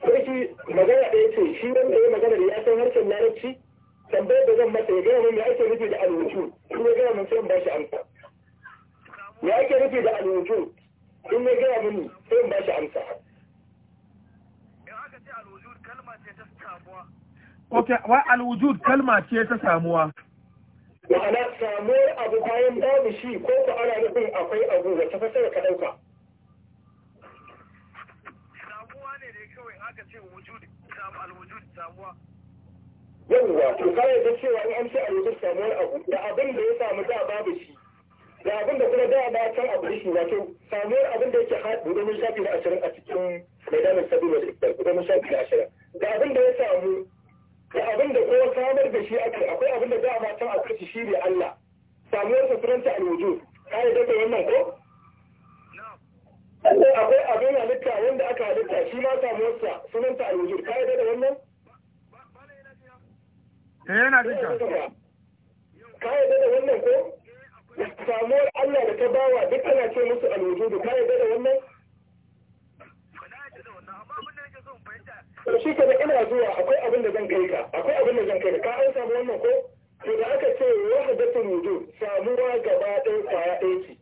eh, sai magana ɗaya ce shi wanda ya magana da ya san harshen larabci tambayar da zan masa ya gaya mun me ake nufi da alwuju shi ya gaya mun sai ba shi amsa me ake nufi da alwuju in ya gaya mini sai in ba shi amsa Ok, wa alwujud kalma ce ta samuwa. Ma'ana samuwar abu bayan babu shi ko ku ana nufin akwai abu da ta fasara ka ɗauka. Samuwa ne dai kawai aka ce wujud, alwujud samuwa. Yawwa, to kawai ta cewa in an ce alwujud samuwar abu da abin da ya samu da babu shi. da abin da kuma da ma kan abu shi wato samuwar abin da yake haɗu da mun shafi na ashirin a cikin maidanin sabi da sikar da mun shafi na ashirin da abin da ya samu da abin da kowa samar da shi akai akwai abin da dama can akwai shi ne Allah samuwar sa sunanta alwujud kai da da wannan ko akwai abin halitta wanda aka halitta shi ma samuwar sa sunanta alwujud Ka yi da wannan eh yana jinka kai da da wannan ko samuwar Allah da ta bawa duk ana ce musu alwujudu ka yarda da wannan to ka da ina zuwa akwai abin da zan kai ka akwai abin da zan kai ka ka an samu wannan ko to da aka ce wahdatul wujud samuwa gaba ɗaya kwaya ɗaya ce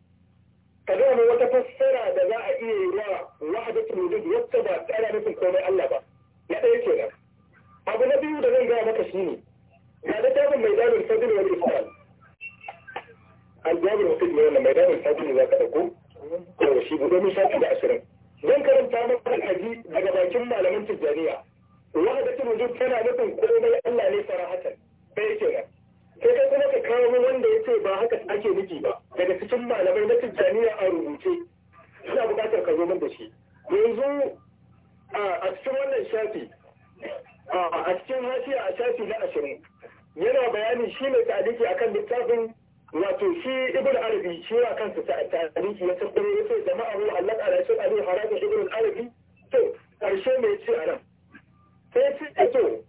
ka ga mu wata fassara da za a iya yi wa wahdatul wujud wacce ba tsara nufin komai Allah ba na ɗaya kenan abu na biyu da zan gaya maka shi ne. ga littafin mai dalil fadl wal ifsal an jabir mutum ne wannan mai damar sabu ne za ka ɗauko da shi buɗe min shafi da ashirin zan karanta maka alhaji daga bakin malamin tijjaniya wahadatul wujud tana nufin komai Allah ne sarahatan sai yake nan sai kai kuma ka kawo wanda ya ce ba haka ake miji ba daga cikin malamai na tijjaniya a rubuce ina buƙatar ka zo min da shi yanzu a cikin wannan shafi a cikin hashiya a shafi na ashirin yana bayani shi ne ta'aliki akan littafin wato shi ibn arabi shi wa kansa ta tariki ya tsakuro ya ce jama'a mu Allah ala shi abu haraka ibn arabi to karshe mai ce anan sai ce eh, to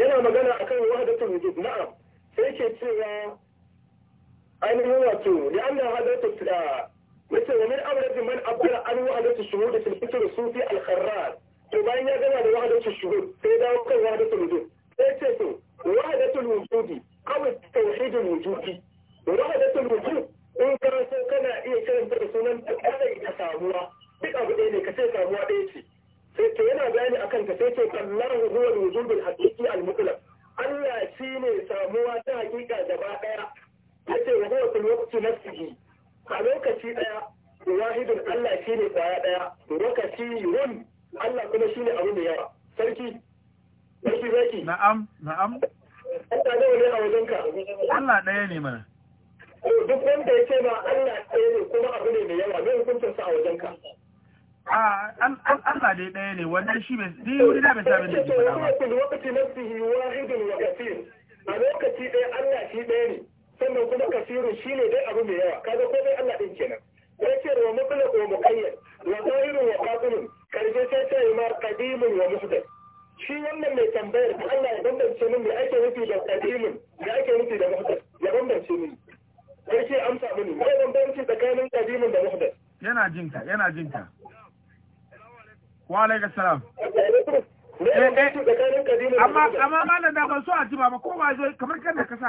yana magana akan wahdatul wujud na'am sai ke cewa ainihin wato li anna hadatu yace wa min amrati man abdala an wahdatu shuhud fil fitr sufi al kharrar to bayan ya gama da wahdatu shuhud sai dawo kan wahdatu wujud sai ce to gefe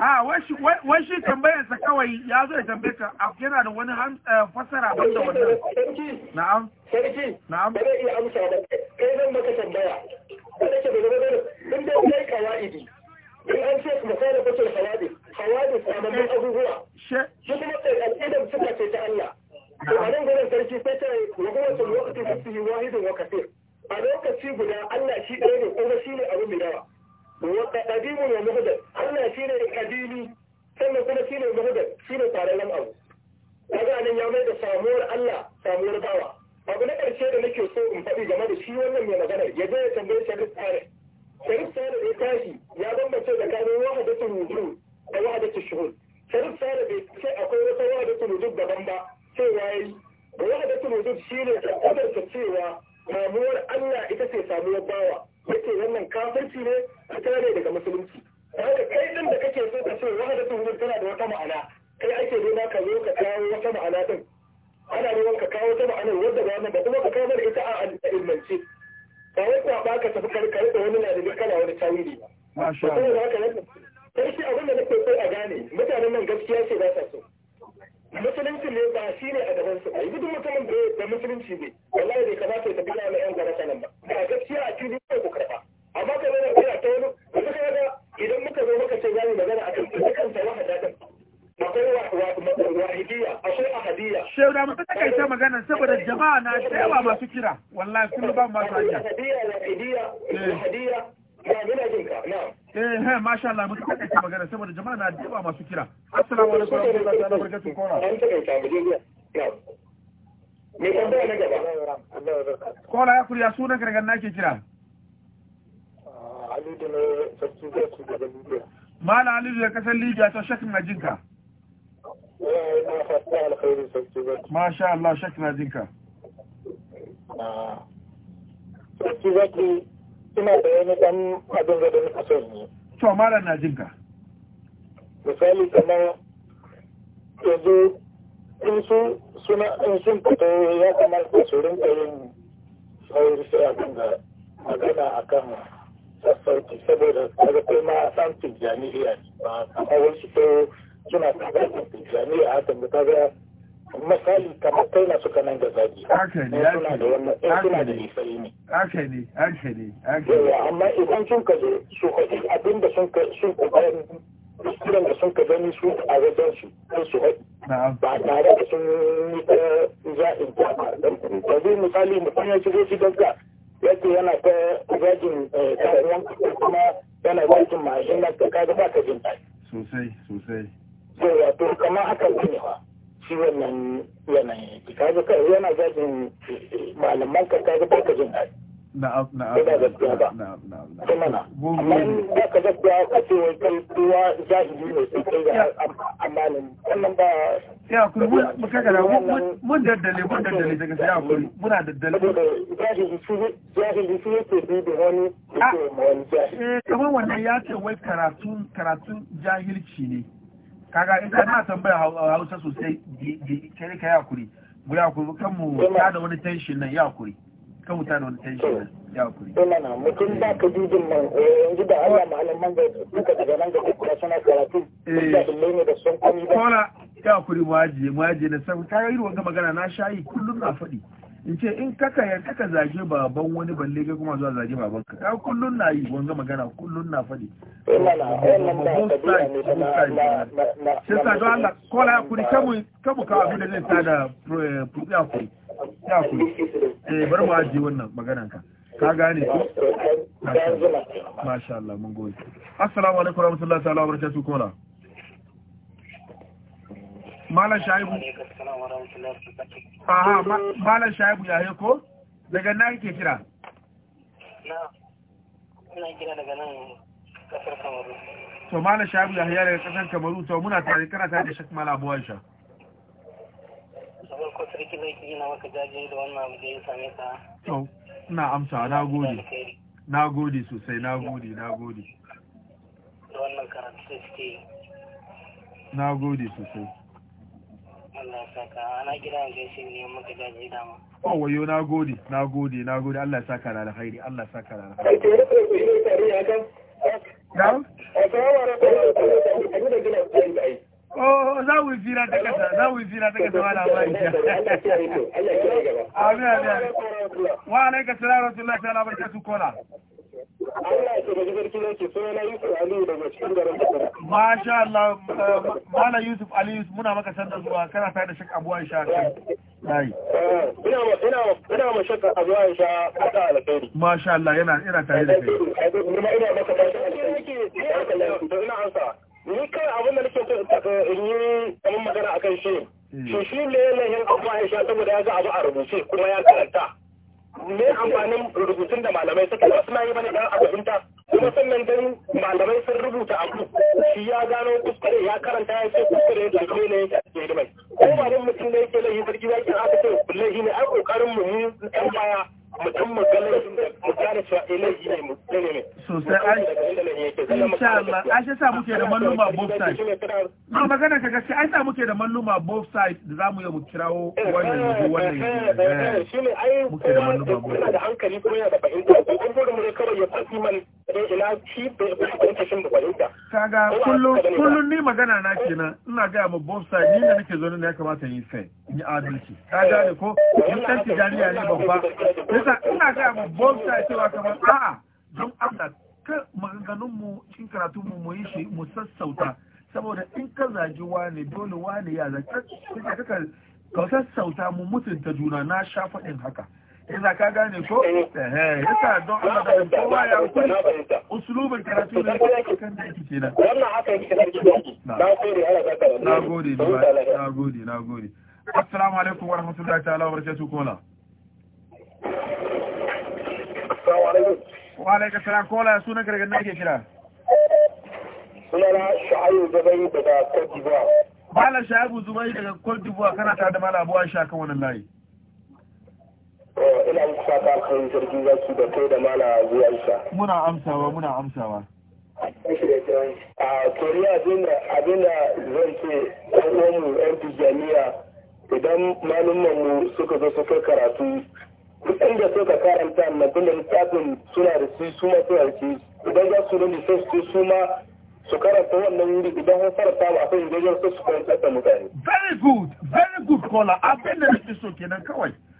a ah, wai shi tambayarsa kawai ya zo ya tambaye ka ah, yana da wani eh, fasara ban da wannan na'am sarki na'am ba zai iya amsa ba kai zan maka tambaya ba da ke da zama gani in dai kai kawaidi in an ce kuma sai da kuke hawadi hawadi sababbin eh, abubuwa shi kuma kai al'idar suka ce ta Allah to a nan gurin sarki sai ta wa kuma sun lokacin da su yi wahidin wa a lokaci guda Allah shi ɗaya ne kuma shi ne abu mai yawa wanda ƙadimu ne muhudar Allah shi ne ƙadimi sannan kuma shi ne muhudar shi ne fararen abu kaga nan ya mai da samuwar Allah samuwar bawa abu na ƙarshe da nake so in faɗi game da shi wannan mai magana ya je ya tambaye Sharif tsare. Sharif tsare bai tashi ya bambance da kanin wahadatul wujud da wahadatul shuhud Sharif tsare bai ce akwai wata wahadatul wujud daban ba cewa yayi wahadatul wujud shine tabbatar cewa samuwar Allah ita ce samuwar bawa yake wannan kafirci ne a tare daga musulunci wanda kai din da kake so ka ce da tuhumar tana da wata ma'ana kai ake nema ka zo ka kawo wata ma'ana din ana neman ka kawo wata ma'anar wadda ba wannan ba kuma ka kawo mana ita a ilmance ba wai kuwa ba ka tafi karkare da wani na da kana wani tawili ba masha Allah sai shi abin da nake so a gane mutanen nan gaskiya ce ba sa so musulunci ne ba shi ne a gaban su ba duk mutumin da da musulunci ne wallahi bai kamata ya tafi na yan gara sanan ba ba gaskiya a cikin ne ku karba amma ka zama kai ta wani yanzu ka ga idan muka zo muka ce za mu magana akan ita kanta wahada din akwai wahidiyya akwai ahadiyya shehu da mutum kai ta magana saboda jama'a na da yawa masu kira wallahi kullum ba masu hanya ahadiyya wahidiyya eh. ahadiyya Eh, eh, masha Allah, mutum kake ta magana saboda jama'a na da masu kira. Assalamu alaikum wa rahmatullahi wa barakatuh. Kona. Me tambaya na gaba? Kona ya kuriya sunan ka daga nake kira. Ah, Ali da sarki zai su daga Libya. Mala Ali da kasan Libya to shak na jinka. Eh, masha Allah shak na jinka. Ah, sarki zaki ina da wani dan abin da da muka son yi to mara na jin ka misali kamar yanzu in su suna in sun fito ya kamata su rinka yin sauri sai abin da magana a kan sassauci saboda daga kai ma san tijjani iya ba a kamar wasu to suna tsakanin tijjani a hakan da ta ga misali kamar kai na suka nan da zagi haka ne haka eh, ne haka ne haka ne haka ne yawa amma idan sun ka zo su haɗi abinda sun ka sun kokarin kuskuren da sun ka gani su a wajen su sun su haɗi ba tare da sun yi ta za'in ta ba yanzu misali mutum ya shigo shi ganka yake yana ta zagin eh, karuwan kuma yana zagin mashin nan ka kaga ba ka jin daɗi sosai sosai yawa to kamar hakan ne ba shi wannan yanayi ka ga kai yana zagin malaman ka ka ga ba ka jin daɗi na'am na'am ba gaskiya ba na'am na'am amma ba ka gaskiya ka ce wai kai kowa kai ga na mun kaga da mun daddale mun na daga sai ya kuri muna daddale zahiri shi bi da wani yake ah! wani zahiri eh, kamar wanda ya ce wai karatun karatun jahilci ne kaga in kana tambaya hausa sosai kere ka yakuri mu kuri kan mu ta da wani tension nan yakuri kan mu ta da wani tension nan yakuri to na mutum da ka jijin nan eh, yanzu da Allah malam da duka daga nan ga kuma sana karatu eh. da sun da son kuma kola yakuri mu ajiye mu ajiye na san kaga irin wannan magana na shayi kullum na faɗi in ce in kaka ya kaka zage baban wani balle kai kuma zuwa zage baban ka ka kullun na yi wanga magana kullun na faɗi sai sa don Allah kola kuri kamu kamu kawo abin da zai sa da eh, ya kuri ya kuri eh bar mu ajiye wannan maganan ka ka gane ku masha Allah mun gode assalamu alaikum warahmatullahi ta'ala wabarakatuh kola malam shaibu Aha, Malam Shaibu ko? Daga nan kira? kasar Kamaru. To, Malam Shaibu daga ƙasar Kamaru, to muna tare kana tare da wannan abu ina amsa, na gode. Na gode sosai, na gode, na gode. Na gode sosai. Allah saka ana gida gaishe ne muka gaji dama oh wayo gode, na gode. Allah saka da alkhairi Allah saka da alkhairi na'am Oh, za mu fira ta kasa, za mu fira ta kasa wala ba insha. Amin amin. Wa alaikum salam wa rahmatullahi wa barakatuh kola. Allah ya Yusuf Ali, da Abu Aisha kai. Ina yana tare da kai. Ina ina maka masha Allah. Ina ansa. Ni kai abin da nake in yi kamar magana akan shi. Hmm. Shi shi ne yanayin Abu Aisha saboda ya ga abu a rubuce kuma ya karanta. me amfanin rubutun da malamai suka yi suna yi bane dan a fahimta kuma sannan dan malamai sun rubuta abu shi ya gano kuskure ya karanta ya ce kuskure ya zalme ne ya yi ko ba mutum da yake laifi sarki zaki aka ce laifi ne ai kokarin mu mu ɗan baya mutum maganar mu gane cewa ilahi eh, ne mu dare ne sosai ai yi Allah ai sai sa muke da malluma both side ba magana ka gaske ai sa muke da malluma both side da mu yi mu kirawo eh, eh, wannan yanzu wannan yanzu shine ai muke da malluma both side da hankali ko yana da fahimta ko kuma mu ne kawai ya fasi mana Eh, kaga kullum kullum ni magana na kenan ina gaya ma bobsa ni da nake zo ne ya kamata yi sai ni adalci ka eh, ne ko ni dan tijariya ne babba yasa ina gaya ma bobsa cewa kamar a'a don abda ka maganganun mu cikin karatu mu mu yi shi mu sassauta saboda in ka zaji wani dole wani ya zaka ka sassauta mu mutunta juna na sha faɗin haka Yasa ka gane ko? Eh. Yasa don Allah da kowa ya usulubin karatu da kan da kenan. Wannan haka yake Na Na gode ba. Na gode, na gode. Assalamu alaikum wa rahmatullahi ta'ala wa kola. Assalamu alaikum. Wa kola sunan ka daga nan ke kira. Sunana daga Cote d'Ivoire. Malam daga Cote d'Ivoire kana tare da Malam Abu Aisha wannan layi. Eh, ina muku fata alkhairi sarki zaki da kai da mala zuwa isa muna amsawa muna amsawa a kori abinda zan ce mu yan tijjaniya idan malumanmu suka zo suka karatu kusan da suka karanta na da littafin suna da su suma suna da idan za su nuna sai su suma su karanta wannan wuri idan har farata ba akwai gajen su su karanta mutane very good very good caller abin da nake so kenan kawai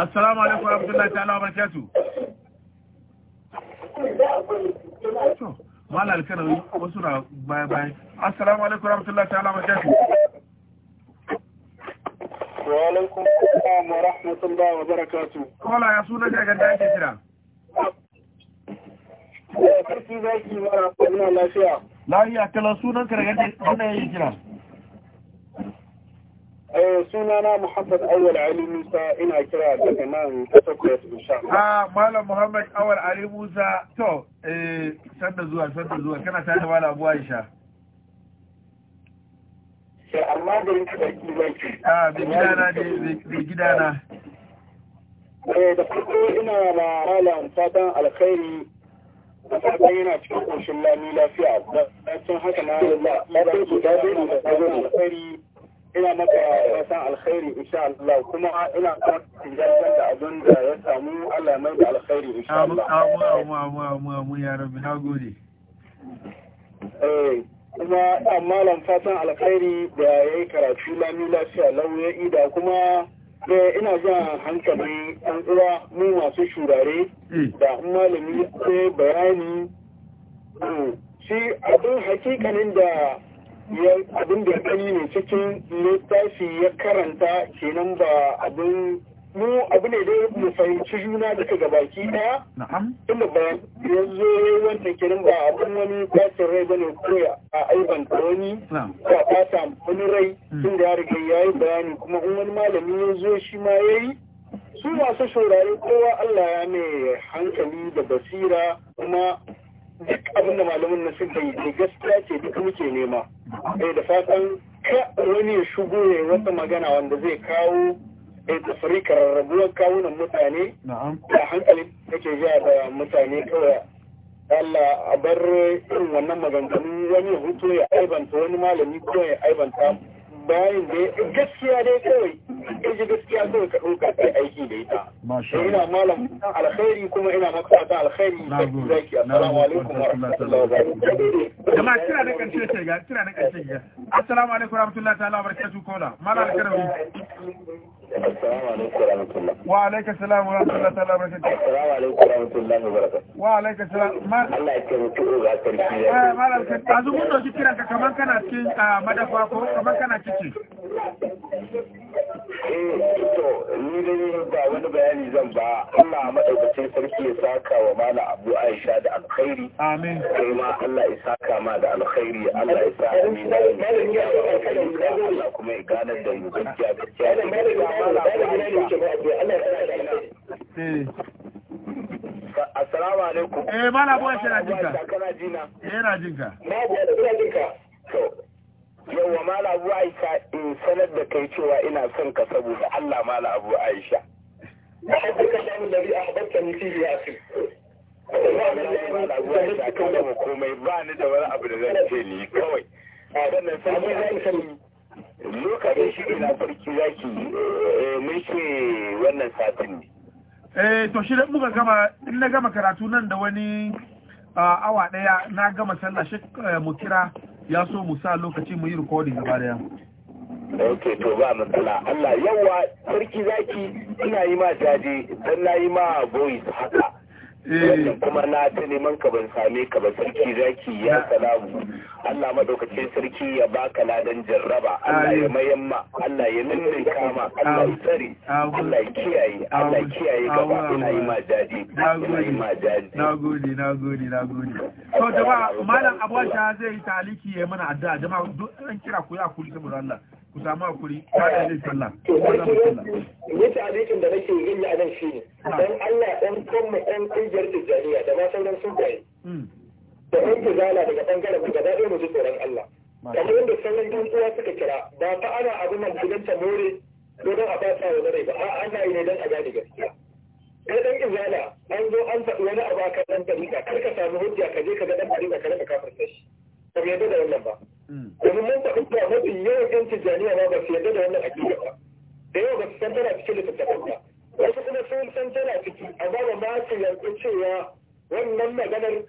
Assalamu alaikum warahmatullahi ta'ala wabarakatuh. To, mala alkana wasu na bayan bayan. Assalamu alaikum warahmatullahi ta'ala wabarakatuh. Wa alaikum assalam wa rahmatullahi wa barakatuh. Kola ya suna ga ganda yake jira. Ya karfi zaki mara kuma lafiya. Lafiya kala sunan ga ganda yake jira. Eh, sunana Muhammad Awal Ali Musa ina kira daga nan kasar Kuwait insha Allah. Ah Malam Muhammad Awal Ali Musa to eh sanda zuwa sanda zuwa kana tare da Malam Abu Aisha. Sai eh, amma da yin kaki zaki. Ah bi gidana ne bi gidana. Eh da farko ina ma Malam fatan alkhairi fatan yana cikin ƙoshin lami lafiya, da cin haka na yi ba, ba da su da alkhairi ina maka akan alkhairi insha Allah kuma ina kan yarda da abin da ya samu Allah mai da alkhairi insha Allah amu amu amu amu amu ya rabbi nagode eh kuma dan malam fatan alkhairi da yayi karatu lami lafiya lauya ida kuma eh, ina jan hankalin ɗan uwa mu masu shurare eh. da malami sai bayani eh, shi abin hakikanin da abin da ya ne cikin littafi ya karanta kenan ba abin mu abu ne dai mu fahimci juna duka ga baki daya inda ba ya zo wancan kenan ba abin wani kwacin rai bane koya a aiban wani ba ɓata wani rai hmm. da ya riga ya yi bayani kuma in wani malami ya zo shi ma ya yi su masu saurare kowa Allah ya mai hankali da basira kuma duk abin da malamin na sun yi gaskiya ce duk muke nema eh da fatan ka wani ya shigo ya wata magana wanda zai kawo eh tafrikar rabuwar kawunan mutane da hankali yake ja da mutane kawai Allah a bar irin wannan maganganu wani hutu ya aibanta wani malami ko ya aibanta bayan da gaskiya ne kawai in ji gaskiya kawai ka ɗauka ta aiki da ita ina malam alkhairi kuma ina maka ta alkhairi sai zaki assalamu alaikum wa rahmatullahi wa barakatuh jama'a kira da karshe ce ga kira da karshe ga assalamu alaikum wa rahmatullahi ta'ala wa barakatuh kola malam alkarami Wa alaikum salam wa rahmatullahi ta'ala barakatuh. Assalamu alaikum warahmatullahi Wa alaikum Allah ya taimake ku ga sarki. Eh malam ka azu kiran ka kaman kana cikin madafa ko kaman kana ciki. Eh to ni dai ba wani bayani zan ba Allah madaukakin sarki ya saka wa malam Abu Aisha da alkhairi. Amin. Kai ma Allah ya saka ma da alkhairi Allah ya sa amin. kuma ya da mu gaskiya gaskiya. Assalamu alaikum. Eh mana buwan shi na jinka. Eh yana Na buwan ina jinka. To yawwa mala abu Aisha in sanar da kai cewa ina son ka saboda Allah mala abu Aisha. Na haɗu ka shani da bi a haɗarta ni fiye a fi. Mala Aisha kan gama ba ni da wani abu da zan ce ni kawai. Sannan sai ni zan lokacin shirin na farki zaki eh, wannan satin eh to shi muka gama in na gama karatu nan da wani awa daya na gama sallah shi eh, mu kira ya so mu sa lokaci mu yi recording gaba daya ok to ba matsala Allah yawa sarki zaki ina yi ma jaje don na yi ma boys haka Eh. wannan kuma na ta neman ka ban same ka ba sarki zaki ya salamu Allah madaukakin sarki ya baka ladan jarraba Allah ya mayamma Allah ya nuna kama Allah ya tsare Allah ya kiyaye Allah ya kiyaye gaba ina yi ma jaji ina yi ma jaji nagode nagode nagode to jama'a malam Abuja zai yi taliki ya mana addu'a jama'a duk an kira ku ya kuli saboda Allah ku samu hakuri ya zai sallah yace alaikin da nake yi a nan shine dan Allah dan kanmu dan kungiyar tijaniya da ma sauran sun kai hmm. da yan tijala daga bangaren daga dade mu ji tsoron Allah kamar yadda sauran yan uwa suka kira ba ta ana abin nan gidan ta more ko don a ba ta wa rai ba a ana yi ne dan a gane gaskiya kai dan izala an zo an faɗi wani abu akan dan dariƙa kar ka samu hujja ka je ka ga dan dariƙa ka rika kafirta shi ka yarda da wannan ba domin mun faɗi cewa mafi yawan yan tijjaniya ma ba su yadda da wannan hakika ba da yawa ba su san tana cikin littattafan ba wasu kuma sun san tana ciki amma ba ma su yarda cewa wannan maganar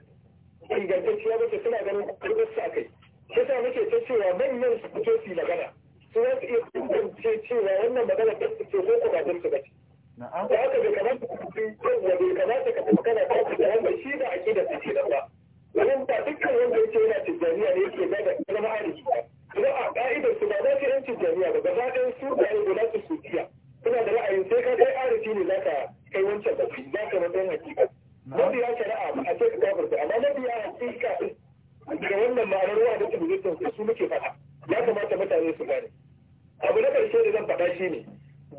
ingantacciya ba suna ganin karɓar sa kai sai sa muke ta cewa manyan su fito su magana su za su iya tantance cewa wannan maganar ta ce ko ko ba ta ce ba da haka bai kamata ka fi yawwa bai kamata ka fi magana ta ce da wanda shi ba a da ta ce da ba domin ba dukkan wanda ya ce yana tijjaniya ne yake ba da zama arziki ba idan a ka'idar su ba za su yan tijjaniya ba gaba ɗayan su da yan guda su sukiya suna da ra'ayin sai ka kai arziki ne za ka kai wancan tafi za ka matsayin hakika mabiya shari'a ba a ce ka kafirta amma mabiya hakika ga wannan ma'anar ruwa da tabbatar su su muke faɗa ya kamata mutane su gane abu na ƙarshe da zan faɗa shi ne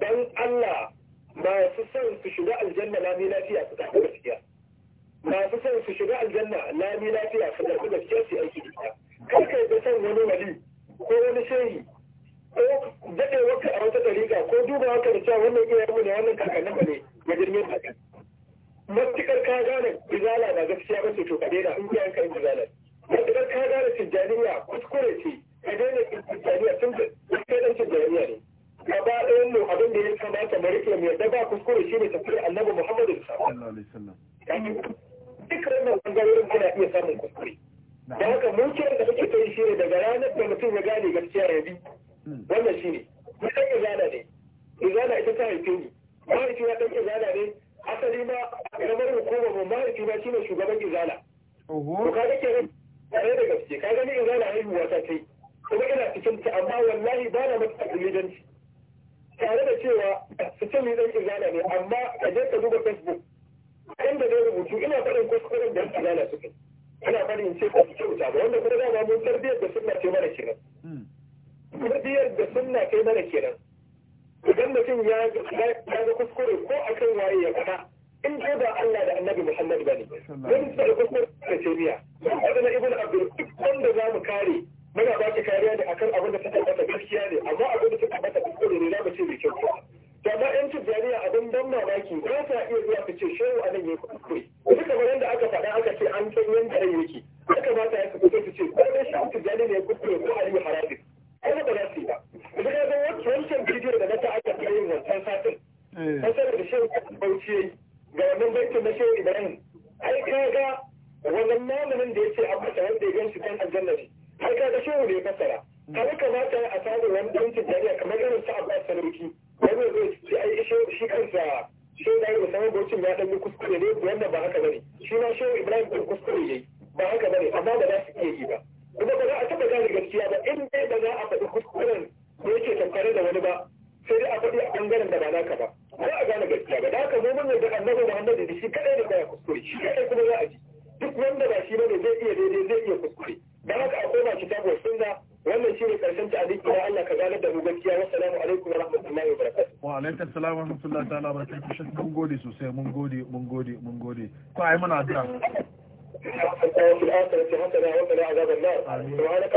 dan Allah masu son su shiga aljanna lami lafiya su tafi gaskiya masu son su shiga aljanna lami lafiya su da gaskiya su aiki da ita kar ka yi son wani wali ko wani shehi ko daɗewar ka a wata ɗariƙa ko duba ka da cewa wannan iya mu da wannan kakannin ba ne ya girme ka matuƙar ka gane izala na gaskiya ba ce to ka daina in ka yi izala matuƙar ka gane tijjaniya kuskure ce ka daina tijjaniya tun da kai ɗan tijjaniya ne A ba ɗayan mu abin da ya kamata mu rike mu yarda ba kuskure shine tafiyar annabi Muhammadu sallallahu alaihi wasallam duk wannan bangarorin ana iya samun kuskure da haka mun kiran da muke kai shi ne daga ranar da mutum ya gane gaskiya ya bi hmm. wannan shi ne ni dan izana ne izana ita ta haife ni mahaifi na dan izana ne asali ma a ƙaramar hukumar mu mahaifi shi ne shugaban izana to kaga kenan tare da gaske ka gani zana haihuwa ta kai kuma ina cikin ta amma wallahi ba na mata tare da cewa cikin ni dan izana ne amma ka je ka duba facebook inda zai rubutu ina faɗin kuskuren da aka lana suka ina faɗin ce ba su kyauta ba wanda kuma dama mun tarbiyyar da sunna ce mana kenan hmm. tarbiyyar da sunna kai mana kenan idan mutum ya ga kuskure ko akan waye ya faɗa in dai ba Allah da Annabi Muhammad bane wani da kuskure da shari'a wanda na ibnu abdul wanda za mu kare muna ba ki kariya ne akan abin da ta tabbata gaskiya ne amma abin da ta tabbata kuskure ne za mu ce bai kyauta gaba yan tijjaniya abin ban mamaki ba sa iya zuwa su ce shehu a nan ya kuskure duk kamar yadda aka faɗa aka ce an san yadda rai yake ya kamata ya fito su ce ko dai shehu tijjani ne ya kuskure ko aliyu harabin ai ba za su yi ba duk ya ga wancan bidiyo da na ta aka kai yin wancan satin kasar eh. da shehu bauchi ya yi ga wannan baitin na shehu ibrahim ai ka ga wannan malamin da ya ce a masa wanda ya gan shi kan aljanna ne ai ka ga shehu ne ya fassara kada kamata a samu wani ɗan tijjaniya kamar irin sa abbas sarauki wanda zai ce ai shi kansa shi na yi musamman bocin ya ɗan yi kuskure ne wannan ba haka bane shi na shi ibrahim ɗan kuskure ne ba haka bane amma ba za su iya yi ba kuma ba za a taɓa gane gaskiya ba in dai ba za a faɗi kuskuren da yake tamfare da wani ba sai dai a faɗi a ɓangaren da ba naka ba ba a gane gaskiya ba da haka zo mun yarda annabi muhammadu da shi kaɗai ne baya kuskure shi kaɗai kuma za a ji duk wanda ba shi bane zai iya daidai zai iya kuskure da haka a koma kitabu sunna wannan shi ne karshen ta na Allah ka gane da mu gaskiya wa salamu alaikum wa rahmatullahi wa wa alaikum wa rahmatullahi ta'ala wa shi mun gode sosai mun gode mun gode mun gode ko ai muna a في